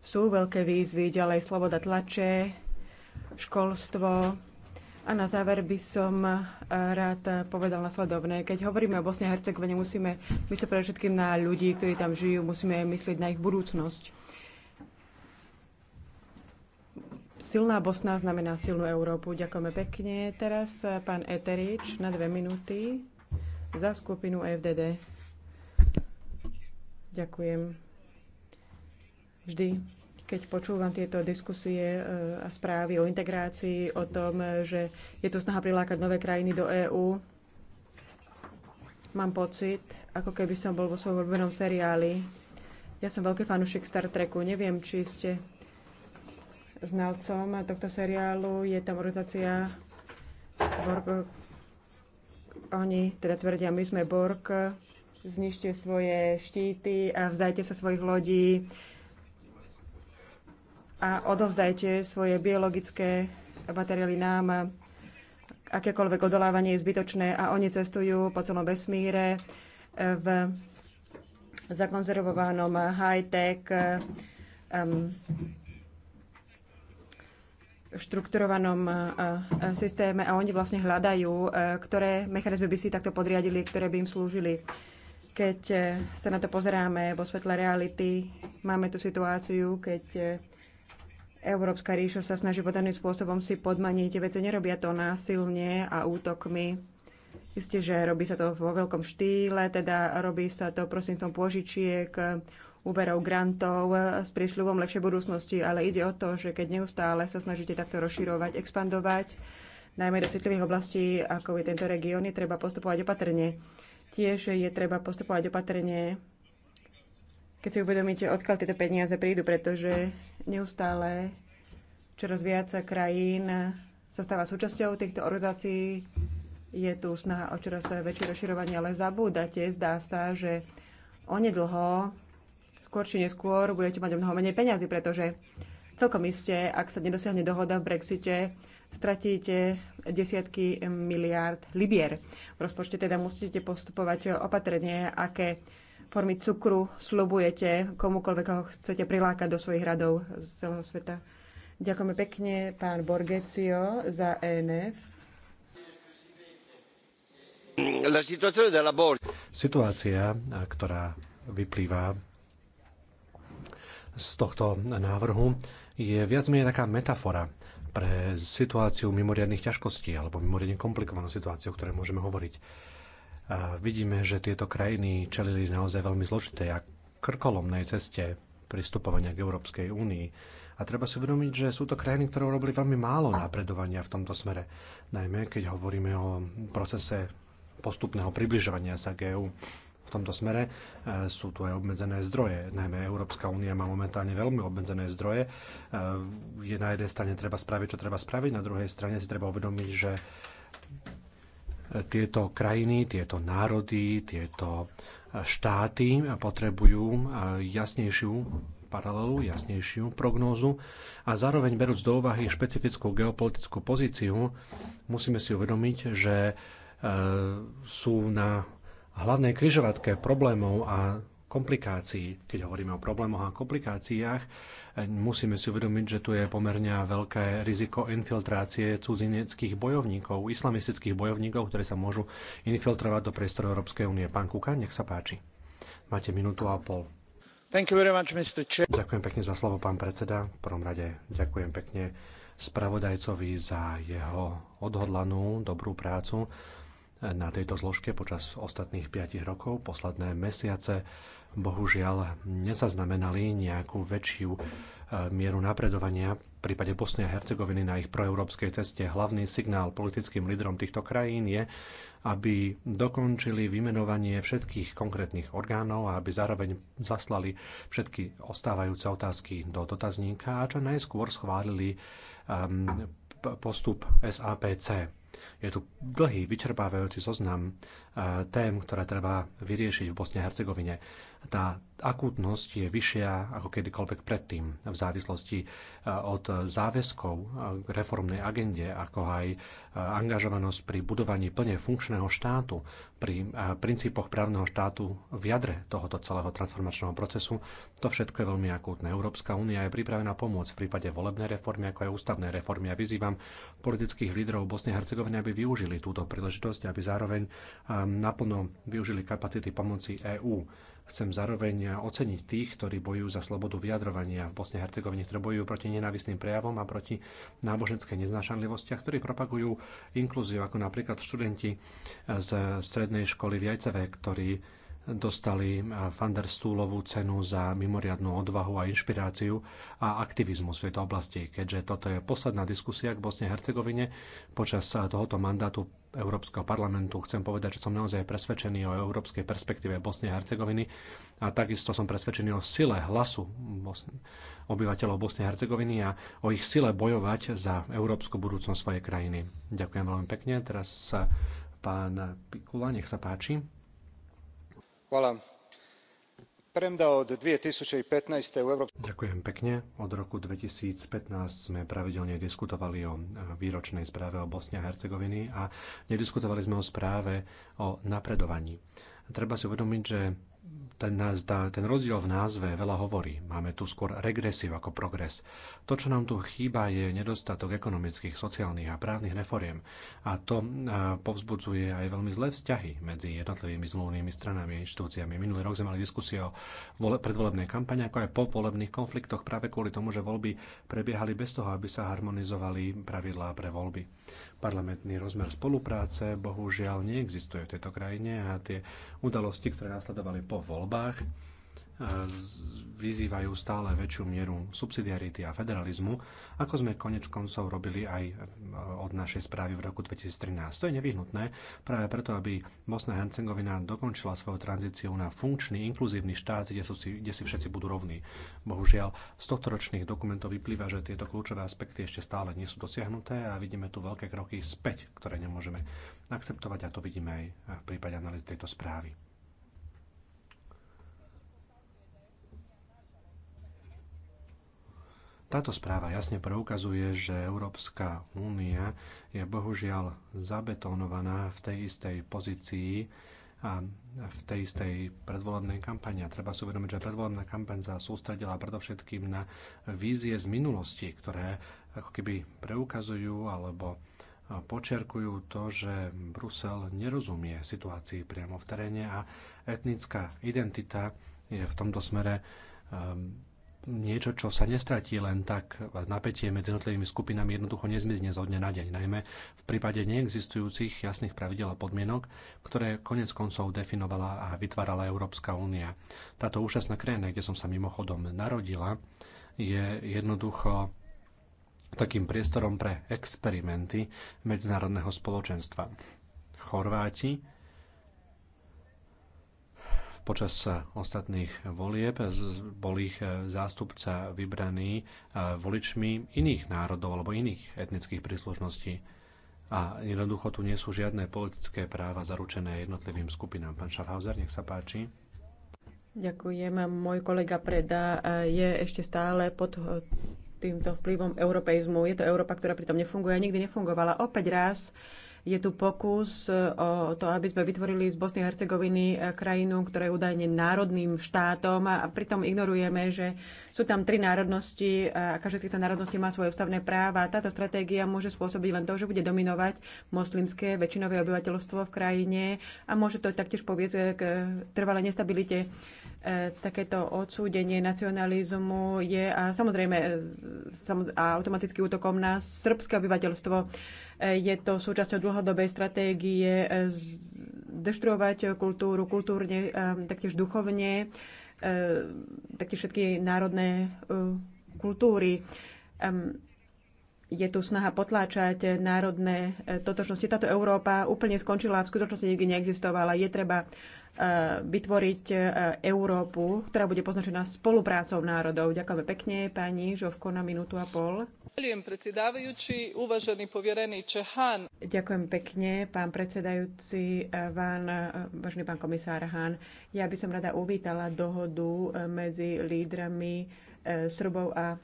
S2: Sú veľké výzvy, ďalej sloboda tlače, školstvo, a na záver by som eh, rád povedal nasledovné. Keď hovoríme o Bosne a Hercegovine, musíme myslieť predovšetkým na ľudí, ktorí tam žijú, musíme myslieť na ich budúcnosť. Silná Bosna znamená silnú Európu. Ďakujeme pekne. Teraz eh, pán Eterič na dve minúty za skupinu FDD. Ďakujem. Vždy keď počúvam tieto diskusie e, a správy o integrácii, o tom, že je tu snaha prilákať nové krajiny do EÚ, mám pocit, ako keby som bol vo svojom obľúbenom seriáli. Ja som veľký fanúšik Star Treku. Neviem, či ste znalcom tohto seriálu. Je tam organizácia Borg. Oni teda tvrdia, my sme Borg, znište svoje štíty a vzdajte sa svojich lodí a odovzdajte svoje biologické materiály nám. Akékoľvek odolávanie je zbytočné a oni cestujú po celom vesmíre eh, v zakonzervovanom high-tech v štrukturovanom eh, systéme a oni vlastne hľadajú, eh, ktoré mechanizmy by si takto podriadili, ktoré by im slúžili. Keď sa na to pozeráme vo svetle reality, máme tu situáciu, keď Európska ríša sa snaží podaným spôsobom si podmaniť veci. Nerobia to násilne a útokmi. Isté, že robí sa to vo veľkom štýle, teda robí sa to prosím tom požičiek, úverov, grantov s prísľubom lepšej budúcnosti, ale ide o to, že keď neustále sa snažíte takto rozširovať, expandovať, najmä do citlivých oblastí, ako je tento región, je treba postupovať opatrne. Tiež je treba postupovať opatrne keď si uvedomíte, odkiaľ tieto peniaze prídu, pretože neustále čoraz viac krajín sa stáva súčasťou týchto organizácií. Je tu snaha o čoraz väčšie rozširovanie, ale zabúdate, zdá sa, že onedlho, skôr či neskôr, budete mať o mnoho menej peniazy, pretože celkom iste, ak sa nedosiahne dohoda v Brexite, stratíte desiatky miliárd libier. V rozpočte teda musíte postupovať opatrne, aké formy cukru slubujete komukoľvek, ho chcete prilákať do svojich radov z celého sveta. Ďakujeme pekne, pán Borgecio, za ENF.
S6: Situácia, ktorá vyplýva z tohto návrhu, je viac menej taká metafora pre situáciu mimoriadných ťažkostí alebo mimoriadne komplikovanú situáciu, o ktorej môžeme hovoriť a vidíme, že tieto krajiny čelili naozaj veľmi zložitej a krkolomnej ceste pristupovania k Európskej únii. A treba si uvedomiť, že sú to krajiny, ktoré robili veľmi málo napredovania v tomto smere. Najmä keď hovoríme o procese postupného približovania sa k EU. V tomto smere e, sú tu aj obmedzené zdroje. Najmä Európska únia má momentálne veľmi obmedzené zdroje. E, je na jednej strane treba spraviť, čo treba spraviť, na druhej strane si treba uvedomiť, že tieto krajiny, tieto národy, tieto e, štáty potrebujú e, jasnejšiu paralelu, jasnejšiu prognózu a zároveň berúc do úvahy špecifickú geopolitickú pozíciu, musíme si uvedomiť, že e, sú na hlavnej križovatke problémov a komplikácií. Keď hovoríme o problémoch a komplikáciách, musíme si uvedomiť, že tu je pomerne veľké riziko infiltrácie cudzineckých bojovníkov, islamistických bojovníkov, ktorí sa môžu infiltrovať do priestoru Európskej únie. Pán Kuka, nech sa páči. Máte minútu a pol. Much, ďakujem pekne za slovo, pán predseda. V prvom rade ďakujem pekne spravodajcovi za jeho odhodlanú dobrú prácu na tejto zložke počas ostatných 5 rokov. Posledné mesiace bohužiaľ nezaznamenali nejakú väčšiu e, mieru napredovania v prípade Bosny a Hercegoviny na ich proeurópskej ceste. Hlavný signál politickým lídrom týchto krajín je, aby dokončili vymenovanie všetkých konkrétnych orgánov a aby zároveň zaslali všetky ostávajúce otázky do dotazníka a čo najskôr schválili um, postup SAPC. Je tu dlhý, vyčerpávajúci zoznam e, tém, ktoré treba vyriešiť v Bosne a Hercegovine tá akútnosť je vyššia ako kedykoľvek predtým v závislosti e, od záväzkov k e, reformnej agende, ako aj e, angažovanosť pri budovaní plne funkčného štátu, pri princípoch právneho štátu v jadre tohoto celého transformačného procesu. To všetko je veľmi akútne. Európska únia je pripravená pomôcť v prípade volebnej reformy, ako aj ústavnej reformy. a vyzývam politických lídrov Bosne a Hercegoviny, aby využili túto príležitosť, aby zároveň naplno využili kapacity pomoci EÚ. Chcem zároveň Európania oceniť tých, ktorí bojujú za slobodu vyjadrovania v Bosne a Hercegovine, ktorí teda bojujú proti nenávistným prejavom a proti náboženskej neznášanlivosti a ktorí propagujú inkluziu, ako napríklad študenti z strednej školy v Jajceve, ktorí dostali eh, van der Stúlovú cenu za mimoriadnú odvahu a inšpiráciu a aktivizmus v tejto oblasti, keďže toto je posledná diskusia k Bosne Hercegovine. Počas eh, tohoto mandátu Európskeho parlamentu. Chcem povedať, že som naozaj presvedčený o európskej perspektíve Bosne a Hercegoviny a takisto som presvedčený o sile hlasu obyvateľov Bosne a Hercegoviny a o ich sile bojovať za európsku budúcnosť svojej krajiny. Ďakujem veľmi pekne. Teraz sa pán Pikula, nech sa páči.
S1: Hvala premda od 2015. u Európskej...
S6: Ďakujem pekne. Od roku 2015 sme pravidelne diskutovali o e, výročnej správe o Bosne a Hercegoviny a nediskutovali sme o správe o napredovaní. Treba si uvedomiť, že ten, ten rozdiel v názve veľa hovorí. Máme tu skôr regresív ako progres. To, čo nám tu chýba, je nedostatok ekonomických, sociálnych a právnych reforiem. A to povzbudzuje aj veľmi zlé vzťahy medzi jednotlivými zmluvnými stranami a inštitúciami. Minulý rok sme mali diskusiu o vole, predvolebnej kampani, ako aj povolebných konfliktoch práve kvôli tomu, že voľby prebiehali bez toho, aby sa harmonizovali pravidlá pre voľby. Parlamentný rozmer spolupráce bohužiaľ neexistuje v tejto krajine a tie udalosti, ktoré následovali po voľbách, vyzývajú stále väčšiu mieru subsidiarity a federalizmu, ako sme konec koncov robili aj e, od našej správy v roku 2013. To je nevyhnutné práve preto, aby Bosna a Hercegovina dokončila svoju tranzíciu na funkčný, inkluzívny štát, kde, sú si, kde si všetci budú rovní. Bohužiaľ, z tohto ročných dokumentov vyplýva, že tieto kľúčové aspekty ešte stále nie sú dosiahnuté a vidíme tu veľké kroky späť, ktoré nemôžeme akceptovať a to vidíme aj v prípade analýzy tejto správy. Táto správa jasne preukazuje, že Európska únia je bohužiaľ zabetónovaná v tej istej pozícii a v tej istej predvolebnej kampani. A treba si uvedomiť, že predvolebná kampaň sa sústredila predovšetkým na vízie z minulosti, ktoré ako keby preukazujú alebo počerkujú to, že Brusel nerozumie situácii priamo v teréne a etnická identita je v tomto smere um, niečo, čo sa nestratí len tak. Napätie medzi jednotlivými skupinami jednoducho nezmizne zo dňa na deň, najmä v prípade neexistujúcich jasných pravidel a podmienok, ktoré konec koncov definovala a vytvárala Európska únia. Táto úžasná krajina, kde som sa mimochodom narodila, je jednoducho takým priestorom pre experimenty medzinárodného spoločenstva. Chorváti počas ostatných volieb bol ich e, zástupca vybraný e, voličmi iných národov alebo iných etnických príslušností. A jednoducho tu nie sú žiadne politické práva zaručené jednotlivým skupinám. Pán Schaffhauser, nech sa páči.
S2: Ďakujem. Môj kolega Preda e, je ešte stále pod týmto vplyvom europeizmu. Je to Európa, ktorá pritom nefunguje a nikdy nefungovala. Opäť raz je tu pokus e, o to, aby sme vytvorili z Bosny a Hercegoviny e, krajinu, ktorá je údajne národným štátom a pritom ignorujeme, že sú tam tri národnosti e, a každá z týchto národností má svoje ústavné práva. Táto stratégia môže spôsobiť len to, že bude dominovať moslimské väčšinové obyvateľstvo v krajine a môže to taktiež poviesť k trvalej nestabilite. Takéto odsúdenie nacionalizmu je a samozrejme, a automaticky útokom na srbské obyvateľstvo je to súčasťou dlhodobej stratégie eh, deštruovať kultúru kultúrne, eh, taktiež duchovne, eh, taktiež všetky národné kultúry. Je tu snaha potláčať národné totožnosti. Táto Európa úplne skončila, v skutočnosti nikdy neexistovala. Je treba vytvoriť Európu, ktorá bude poznačená spoluprácou národov. Ďakujeme pekne, pani Žovko, na minútu a pol. Ďakujem pekne, pán predsedajúci, pán, vážny pán komisár Hahn. Ja by som rada uvítala dohodu eh, medzi lídrami eh, Srbov a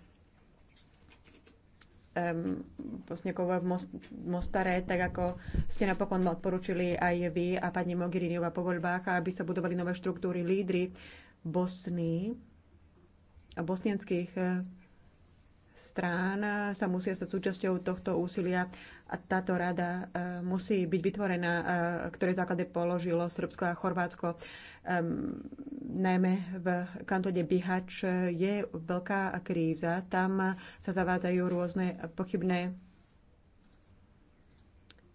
S2: Bosniakov v Mostare, tak ako ste napokon odporučili aj vy a pani Mogheriniova po voľbách, aby sa budovali nové štruktúry lídry Bosny a bosnianských eh, strán eh, sa musia stať súčasťou tohto úsilia a táto rada eh, musí byť vytvorená, eh, ktoré základe položilo Srbsko a Chorvátsko. Ehm, najmä v kantone Bihač je veľká kríza. Tam sa zavádzajú rôzne pochybné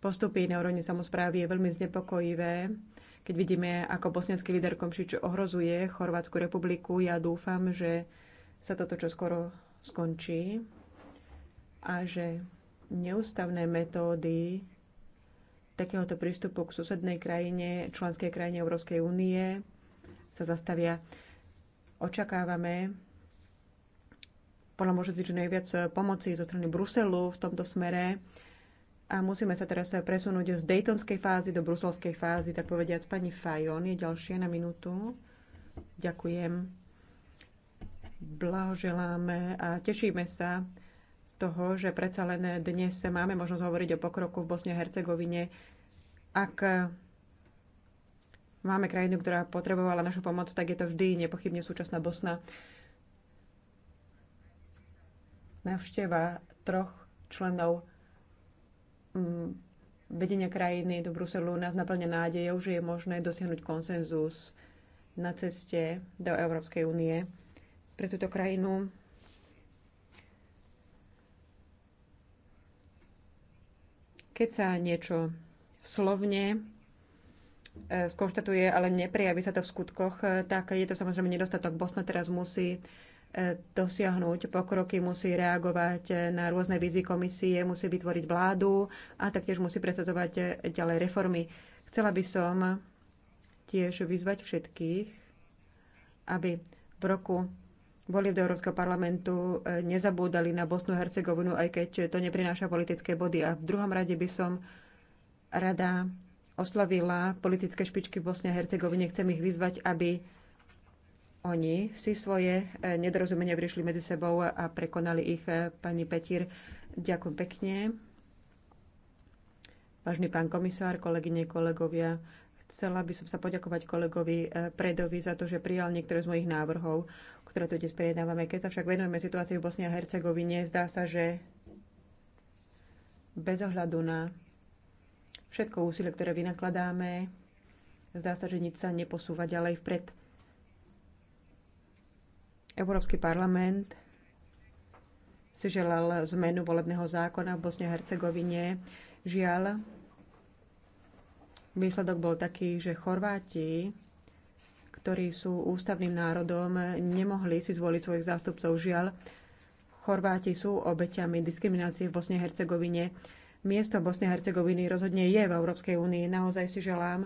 S2: postupy na úrovni samozprávy. Je veľmi znepokojivé, keď vidíme, ako bosnianský líder Komšič ohrozuje Chorvátsku republiku. Ja dúfam, že sa toto čo skoro skončí a že neústavné metódy takéhoto prístupu k susednej krajine, členskej krajine Európskej únie sa zastavia. Očakávame podľa možnosti čo najviac pomoci zo strany Bruselu v tomto smere a musíme sa teraz presunúť z Daytonskej fázy do bruselskej fázy, tak povediať pani Fajon je ďalšie na minútu. Ďakujem blahoželáme a tešíme sa z toho, že predsa len dnes máme možnosť hovoriť o pokroku v Bosne a Hercegovine. Ak máme krajinu, ktorá potrebovala našu pomoc, tak je to vždy nepochybne súčasná Bosna. Navšteva troch členov mm, vedenia krajiny do Bruselu nás naplňa nádejou, že je možné dosiahnuť konsenzus na ceste do Európskej únie pre túto krajinu. Keď sa niečo slovne e, skonštatuje, ale neprejaví sa to v skutkoch, e, tak je to samozrejme nedostatok. Bosna teraz musí e, dosiahnuť pokroky, musí reagovať na rôzne výzvy komisie, musí vytvoriť vládu a taktiež musí presadzovať ďalej reformy. Chcela by som tiež vyzvať všetkých, aby v roku boli do Európskeho parlamentu e, nezabúdali na Bosnu a Hercegovinu, aj keď to neprináša politické body. A v druhom rade by som rada oslovila politické špičky v Bosne a Hercegovine. Chcem ich vyzvať, aby oni si svoje e, nedorozumenia vyriešili medzi sebou a prekonali ich e, pani Petír. Ďakujem pekne. Vážny pán komisár, kolegyne, kolegovia, chcela by som sa poďakovať kolegovi Predovi za to, že prijal niektoré z mojich návrhov ktoré tu dnes prejednávame. Keď sa však venujeme situácii v Bosne a Hercegovine, zdá sa, že bez ohľadu na všetko úsilie, ktoré vynakladáme, zdá sa, že nič sa neposúva ďalej vpred. Európsky parlament si želal zmenu volebného zákona v Bosne a Hercegovine. Žiaľ, výsledok bol taký, že Chorváti ktorí sú ústavným národom, nemohli si zvoliť svojich zástupcov. Žiaľ, Chorváti sú obeťami diskriminácie v Bosne a Hercegovine. Miesto Bosne a Hercegoviny rozhodne je v Európskej únii. Naozaj si želám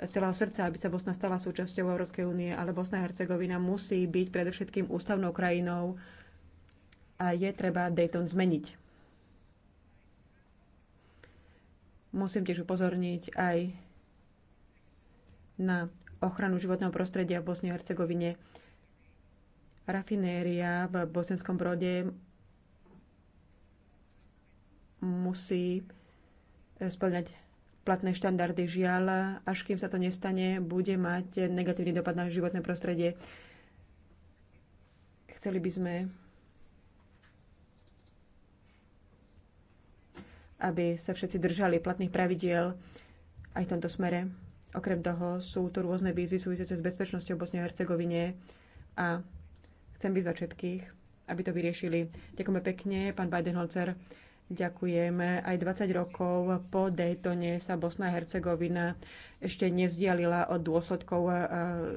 S2: z celého srdca, aby sa Bosna stala súčasťou Európskej únie, ale Bosna a Hercegovina musí byť predovšetkým ústavnou krajinou a je treba Dayton zmeniť. musím tiež upozorniť aj na ochranu životného prostredia v Bosne a Hercegovine. Rafinéria v Bosenskom brode musí e, splňať platné štandardy. Žiaľ, až kým sa to nestane, bude mať negatívny dopad na životné prostredie. Chceli by sme, aby sa všetci držali platných pravidiel aj v tomto smere. Okrem toho sú tu rôzne výzvy súvisiace s bezpečnosťou v Bosne a Hercegovine a chcem vyzvať všetkých, aby to vyriešili. Ďakujeme pekne, pán Bidenholzer. Ďakujeme. Aj 20 rokov po Daytone sa Bosna a Hercegovina ešte nezdialila od dôsledkov eh,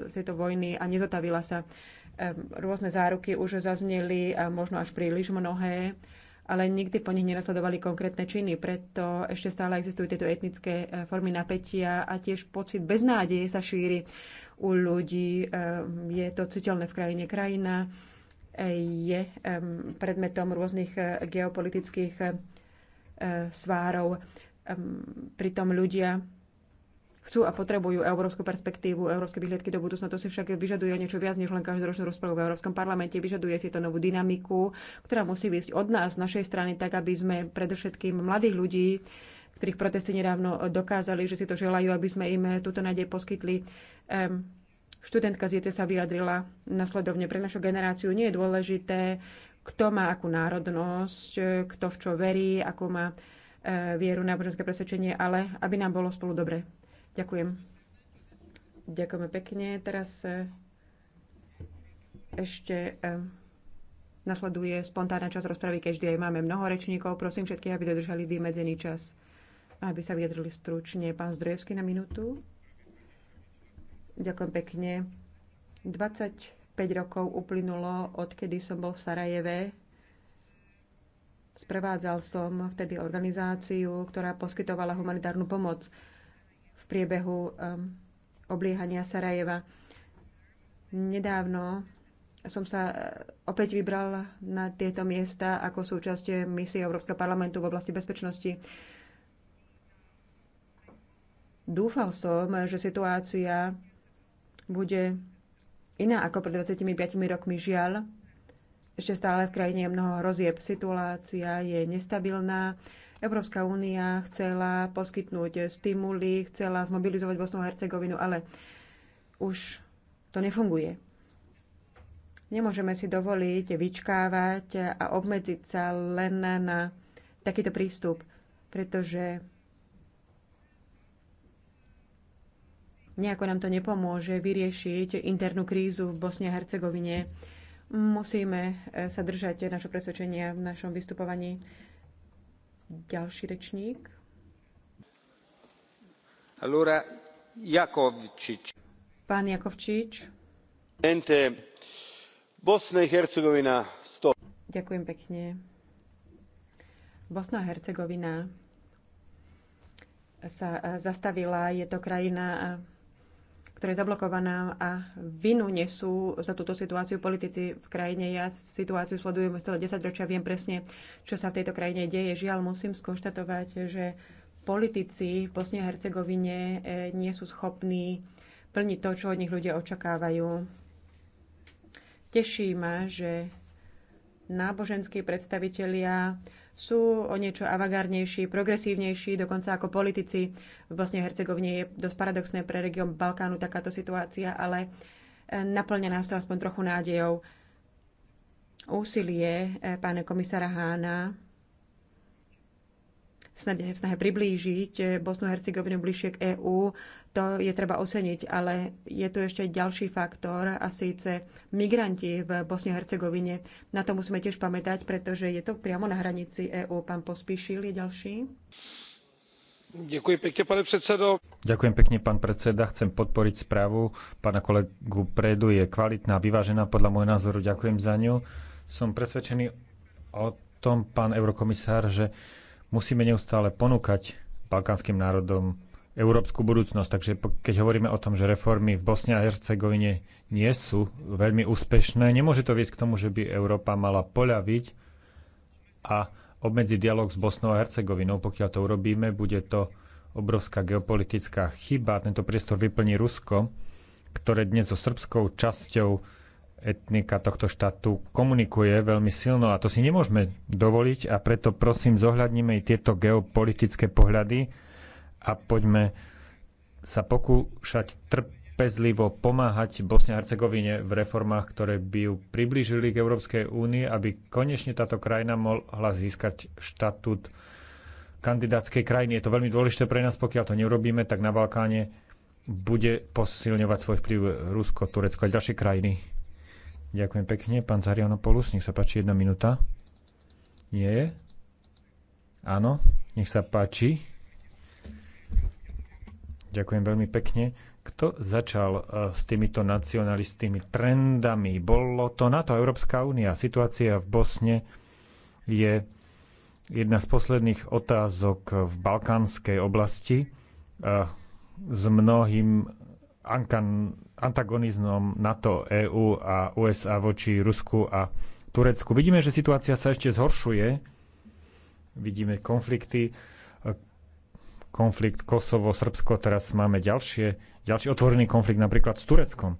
S2: tejto vojny a nezotavila sa. Rôzne záruky už zazneli, možno až príliš mnohé ale nikdy po nich nenasledovali konkrétne činy. Preto ešte stále existujú tieto etnické e, formy napätia a tiež pocit beznádeje sa šíri u ľudí. E, je to citeľné v krajine. Krajina e, je predmetom rôznych geopolitických svárov. Pritom ľudia chcú a potrebujú európsku perspektívu, európske výhľadky do budúcna. To si však vyžaduje niečo viac než len každoročnú rozpravu v Európskom parlamente. Vyžaduje si to novú dynamiku, ktorá musí výsť od nás, z našej strany, tak aby sme predovšetkým mladých ľudí ktorých protesty nedávno dokázali, že si to želajú, aby sme im túto nádej poskytli. Um, študentka z sa vyjadrila nasledovne. Pre našu generáciu nie je dôležité, kto má akú národnosť, kto v čo verí, akú má e, vieru, náboženské presvedčenie, ale aby nám bolo spolu dobre. Ďakujem. Ďakujeme pekne. Teraz eh, ešte eh, nasleduje spontánna časť rozpravy, keďže aj máme mnoho rečníkov. Prosím všetkých, aby dodržali vymedzený čas, aby sa vyjadrili stručne. Pán Zdrojevský na minútu. Ďakujem pekne. 25 rokov uplynulo, odkedy som bol v Sarajeve. Sprevádzal som vtedy organizáciu, ktorá poskytovala humanitárnu pomoc priebehu um, obliehania Sarajeva. Nedávno som sa eh, opäť vybral na tieto miesta ako súčasť misie Európskeho parlamentu v oblasti bezpečnosti. Dúfal som, že situácia bude iná ako pred 25 rokmi žiaľ. Ešte stále v krajine je mnoho hrozieb. Situácia je nestabilná Európska únia chcela poskytnúť stimuly, chcela zmobilizovať Bosnu a Hercegovinu, ale už to nefunguje. Nemôžeme si dovoliť vyčkávať a obmedziť sa len na takýto prístup, pretože nejako nám to nepomôže vyriešiť internú krízu v Bosne a Hercegovine. Musíme e, sa držať naše presvedčenia v našom vystupovaní. Ďalší rečník.
S5: Allora, Jakovčič.
S2: Pán Jakovčič.
S1: Ente, Bosna i Hercegovina 100.
S2: Ďakujem pekne. Bosna a Hercegovina sa eh, zastavila. Je to krajina ktorá je zablokovaná a vinu nesú za túto situáciu politici v krajine. Ja situáciu sledujem celé 10 ročia, viem presne, čo sa v tejto krajine deje. Žiaľ, musím skonštatovať, že politici v Bosne a Hercegovine eh, nie sú schopní plniť to, čo od nich ľudia očakávajú. Teší ma, že náboženskí predstavitelia sú o niečo avagárnejší, progresívnejší, dokonca ako politici. V Bosne a Hercegovine je dosť paradoxné pre región Balkánu takáto situácia, ale e, naplňa nás to aspoň trochu nádejou. Úsilie e, pána komisára Hána v snahe priblížiť e, Bosnu a Hercegovinu bližšie k EÚ to je treba oceniť, ale je tu ešte ďalší faktor a síce migranti v Bosne a Hercegovine. Na to musíme tiež pamätať, pretože je to priamo na hranici EÚ. Pán Pospíšil je ďalší.
S6: Ďakujem pekne, pane predsedo.
S5: Ďakujem pekne, pán predseda. Chcem podporiť správu pána kolegu Predu. Je kvalitná, vyvážená podľa môjho názoru. Ďakujem za ňu. Som presvedčený o tom, pán eurokomisár, že musíme neustále ponúkať balkánskym národom európsku budúcnosť. Takže keď hovoríme o tom, že reformy v Bosne a Hercegovine nie sú veľmi úspešné, nemôže to viesť k tomu, že by Európa mala poľaviť a obmedziť dialog s Bosnou a Hercegovinou. Pokiaľ to urobíme, bude to obrovská geopolitická chyba. Tento priestor vyplní Rusko, ktoré dnes so srbskou časťou etnika tohto štátu komunikuje veľmi silno a to si nemôžeme dovoliť a preto prosím zohľadníme i tieto geopolitické pohľady a poďme sa pokúšať trpezlivo pomáhať Bosne a Hercegovine v reformách, ktoré by ju priblížili k Európskej únii, aby konečne táto krajina mohla získať štatút kandidátskej krajiny. Je to veľmi dôležité pre nás, pokiaľ to neurobíme, tak na Balkáne bude posilňovať svoj vplyv Rusko, Turecko a ďalšie krajiny. Ďakujem pekne. Pán Zarianopoulos, nech sa páči jedna minúta. Nie je? Áno, nech sa páči. Ďakujem veľmi pekne. Kto začal eh, s týmito nacionalistými trendami? Bolo to NATO, Európska únia. Situácia v Bosne je jedna z posledných otázok v balkánskej oblasti eh, s mnohým antagonizmom NATO, EÚ a USA voči Rusku a Turecku. Vidíme, že situácia sa ešte zhoršuje. Vidíme konflikty konflikt Kosovo, Srbsko, teraz máme ďalšie, ďalší otvorený konflikt napríklad s Tureckom.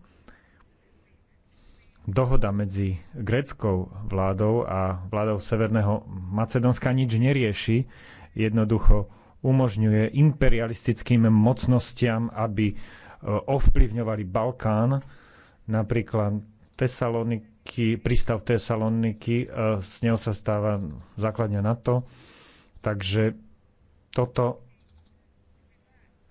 S5: Dohoda medzi gréckou vládou a vládou Severného Macedónska nič nerieši, jednoducho umožňuje imperialistickým mocnostiam, aby e, ovplyvňovali Balkán, napríklad Tesaloniky, prístav Tesaloniky, e, z neho sa stáva základňa NATO. Takže toto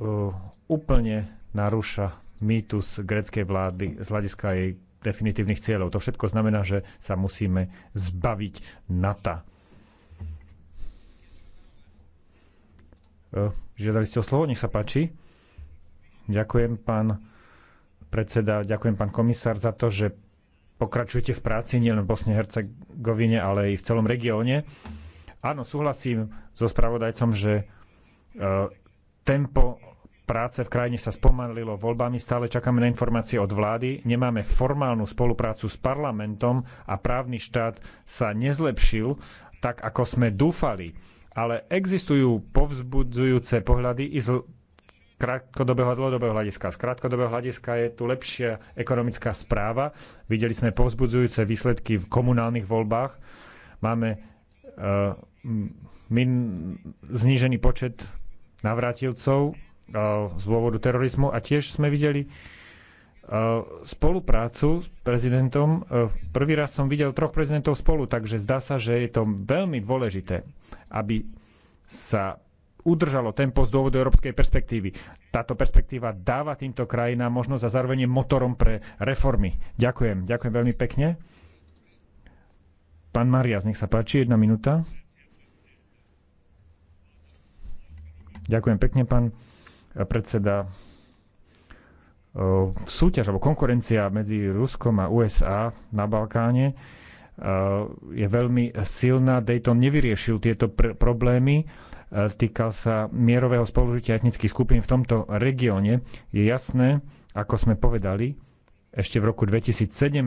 S5: Uh, úplne narúša mýtus greckej vlády z hľadiska jej definitívnych cieľov. To všetko znamená, že sa musíme zbaviť NATO. Uh, žiadali ste o slovo, nech sa páči. Ďakujem, pán predseda, ďakujem, pán komisár, za to, že pokračujete v práci nielen v Bosne Hercegovine, ale i v celom regióne. Áno, súhlasím so spravodajcom, že uh, tempo práce v krajine sa spomalilo voľbami, stále čakáme na informácie od vlády, nemáme formálnu spoluprácu s parlamentom a právny štát sa nezlepšil tak, ako sme dúfali. Ale existujú povzbudzujúce pohľady i z krátkodobého a dlhodobého hľadiska. Z krátkodobého hľadiska je tu lepšia ekonomická správa. Videli sme povzbudzujúce výsledky v komunálnych voľbách. Máme uh, min, znížený počet navrátilcov Eh, z dôvodu terorizmu a tiež sme videli eh, spoluprácu s prezidentom. Eh, prvý raz som videl troch prezidentov spolu, takže zdá sa, že je to veľmi dôležité, aby sa udržalo tempo z dôvodu európskej perspektívy. Táto perspektíva dáva týmto krajinám možnosť a zároveň motorom pre reformy. Ďakujem, ďakujem veľmi pekne. Pán Marias, nech sa páči, jedna minúta. Ďakujem pekne, pán Eh, predseda eh, súťaž alebo konkurencia medzi Ruskom a USA na Balkáne eh, je veľmi silná. Dayton nevyriešil tieto pr- problémy. Týkal sa mierového spolužitia etnických skupín v tomto regióne. Je jasné, ako sme povedali, ešte v roku 2017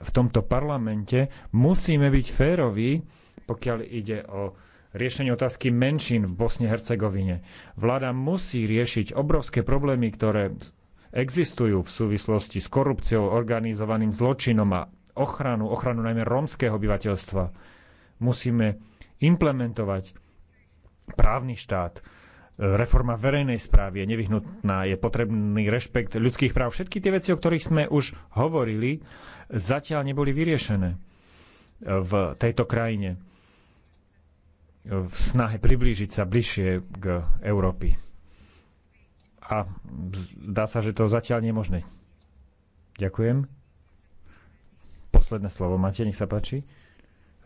S5: v tomto parlamente musíme byť féroví, pokiaľ ide o riešenie otázky menšín v Bosne-Hercegovine. Vláda musí riešiť obrovské problémy, ktoré existujú v súvislosti s korupciou, organizovaným zločinom a ochranu, ochranu najmä rómskeho obyvateľstva. Musíme implementovať právny štát, reforma verejnej správy je nevyhnutná, je potrebný rešpekt ľudských práv. Všetky tie veci, o ktorých sme už hovorili, zatiaľ neboli vyriešené v tejto krajine v snahe priblížiť sa bližšie k Európy. A dá sa, že to zatiaľ nie je možné. Ďakujem. Posledné slovo máte, nech sa páči.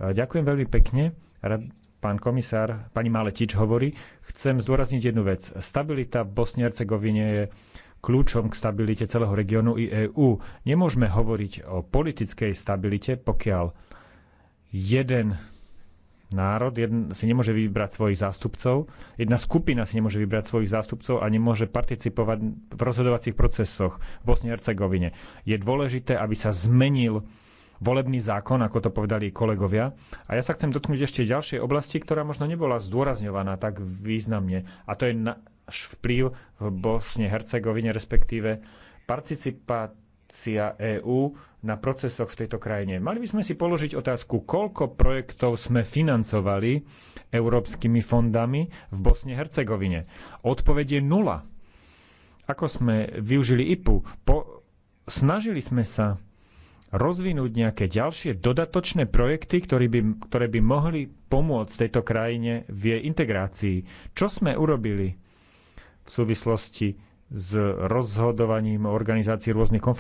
S5: Ďakujem veľmi pekne. Rad, pán komisár, pani Maletič hovorí, chcem zdôrazniť jednu vec. Stabilita v Bosni a Hercegovine je kľúčom k stabilite celého regiónu i EÚ. Nemôžeme hovoriť o politickej stabilite, pokiaľ jeden národ jedn, si nemôže vybrať svojich zástupcov, jedna skupina si nemôže vybrať svojich zástupcov a nemôže participovať v rozhodovacích procesoch v Bosne a Hercegovine. Je dôležité, aby sa zmenil volebný zákon, ako to povedali kolegovia. A ja sa chcem dotknúť ešte ďalšej oblasti, ktorá možno nebola zdôrazňovaná tak významne. A to je náš vplyv v Bosne, Hercegovine, respektíve participácia EÚ na procesoch v tejto krajine. Mali by sme si položiť otázku, koľko projektov sme financovali európskymi fondami v Bosne-Hercegovine. Odpoveď je nula. Ako sme využili IPU? Po, snažili sme sa rozvinúť nejaké ďalšie dodatočné projekty, ktoré by, ktoré by mohli pomôcť tejto krajine v jej integrácii. Čo sme urobili v súvislosti s rozhodovaním organizácií rôznych konferencií?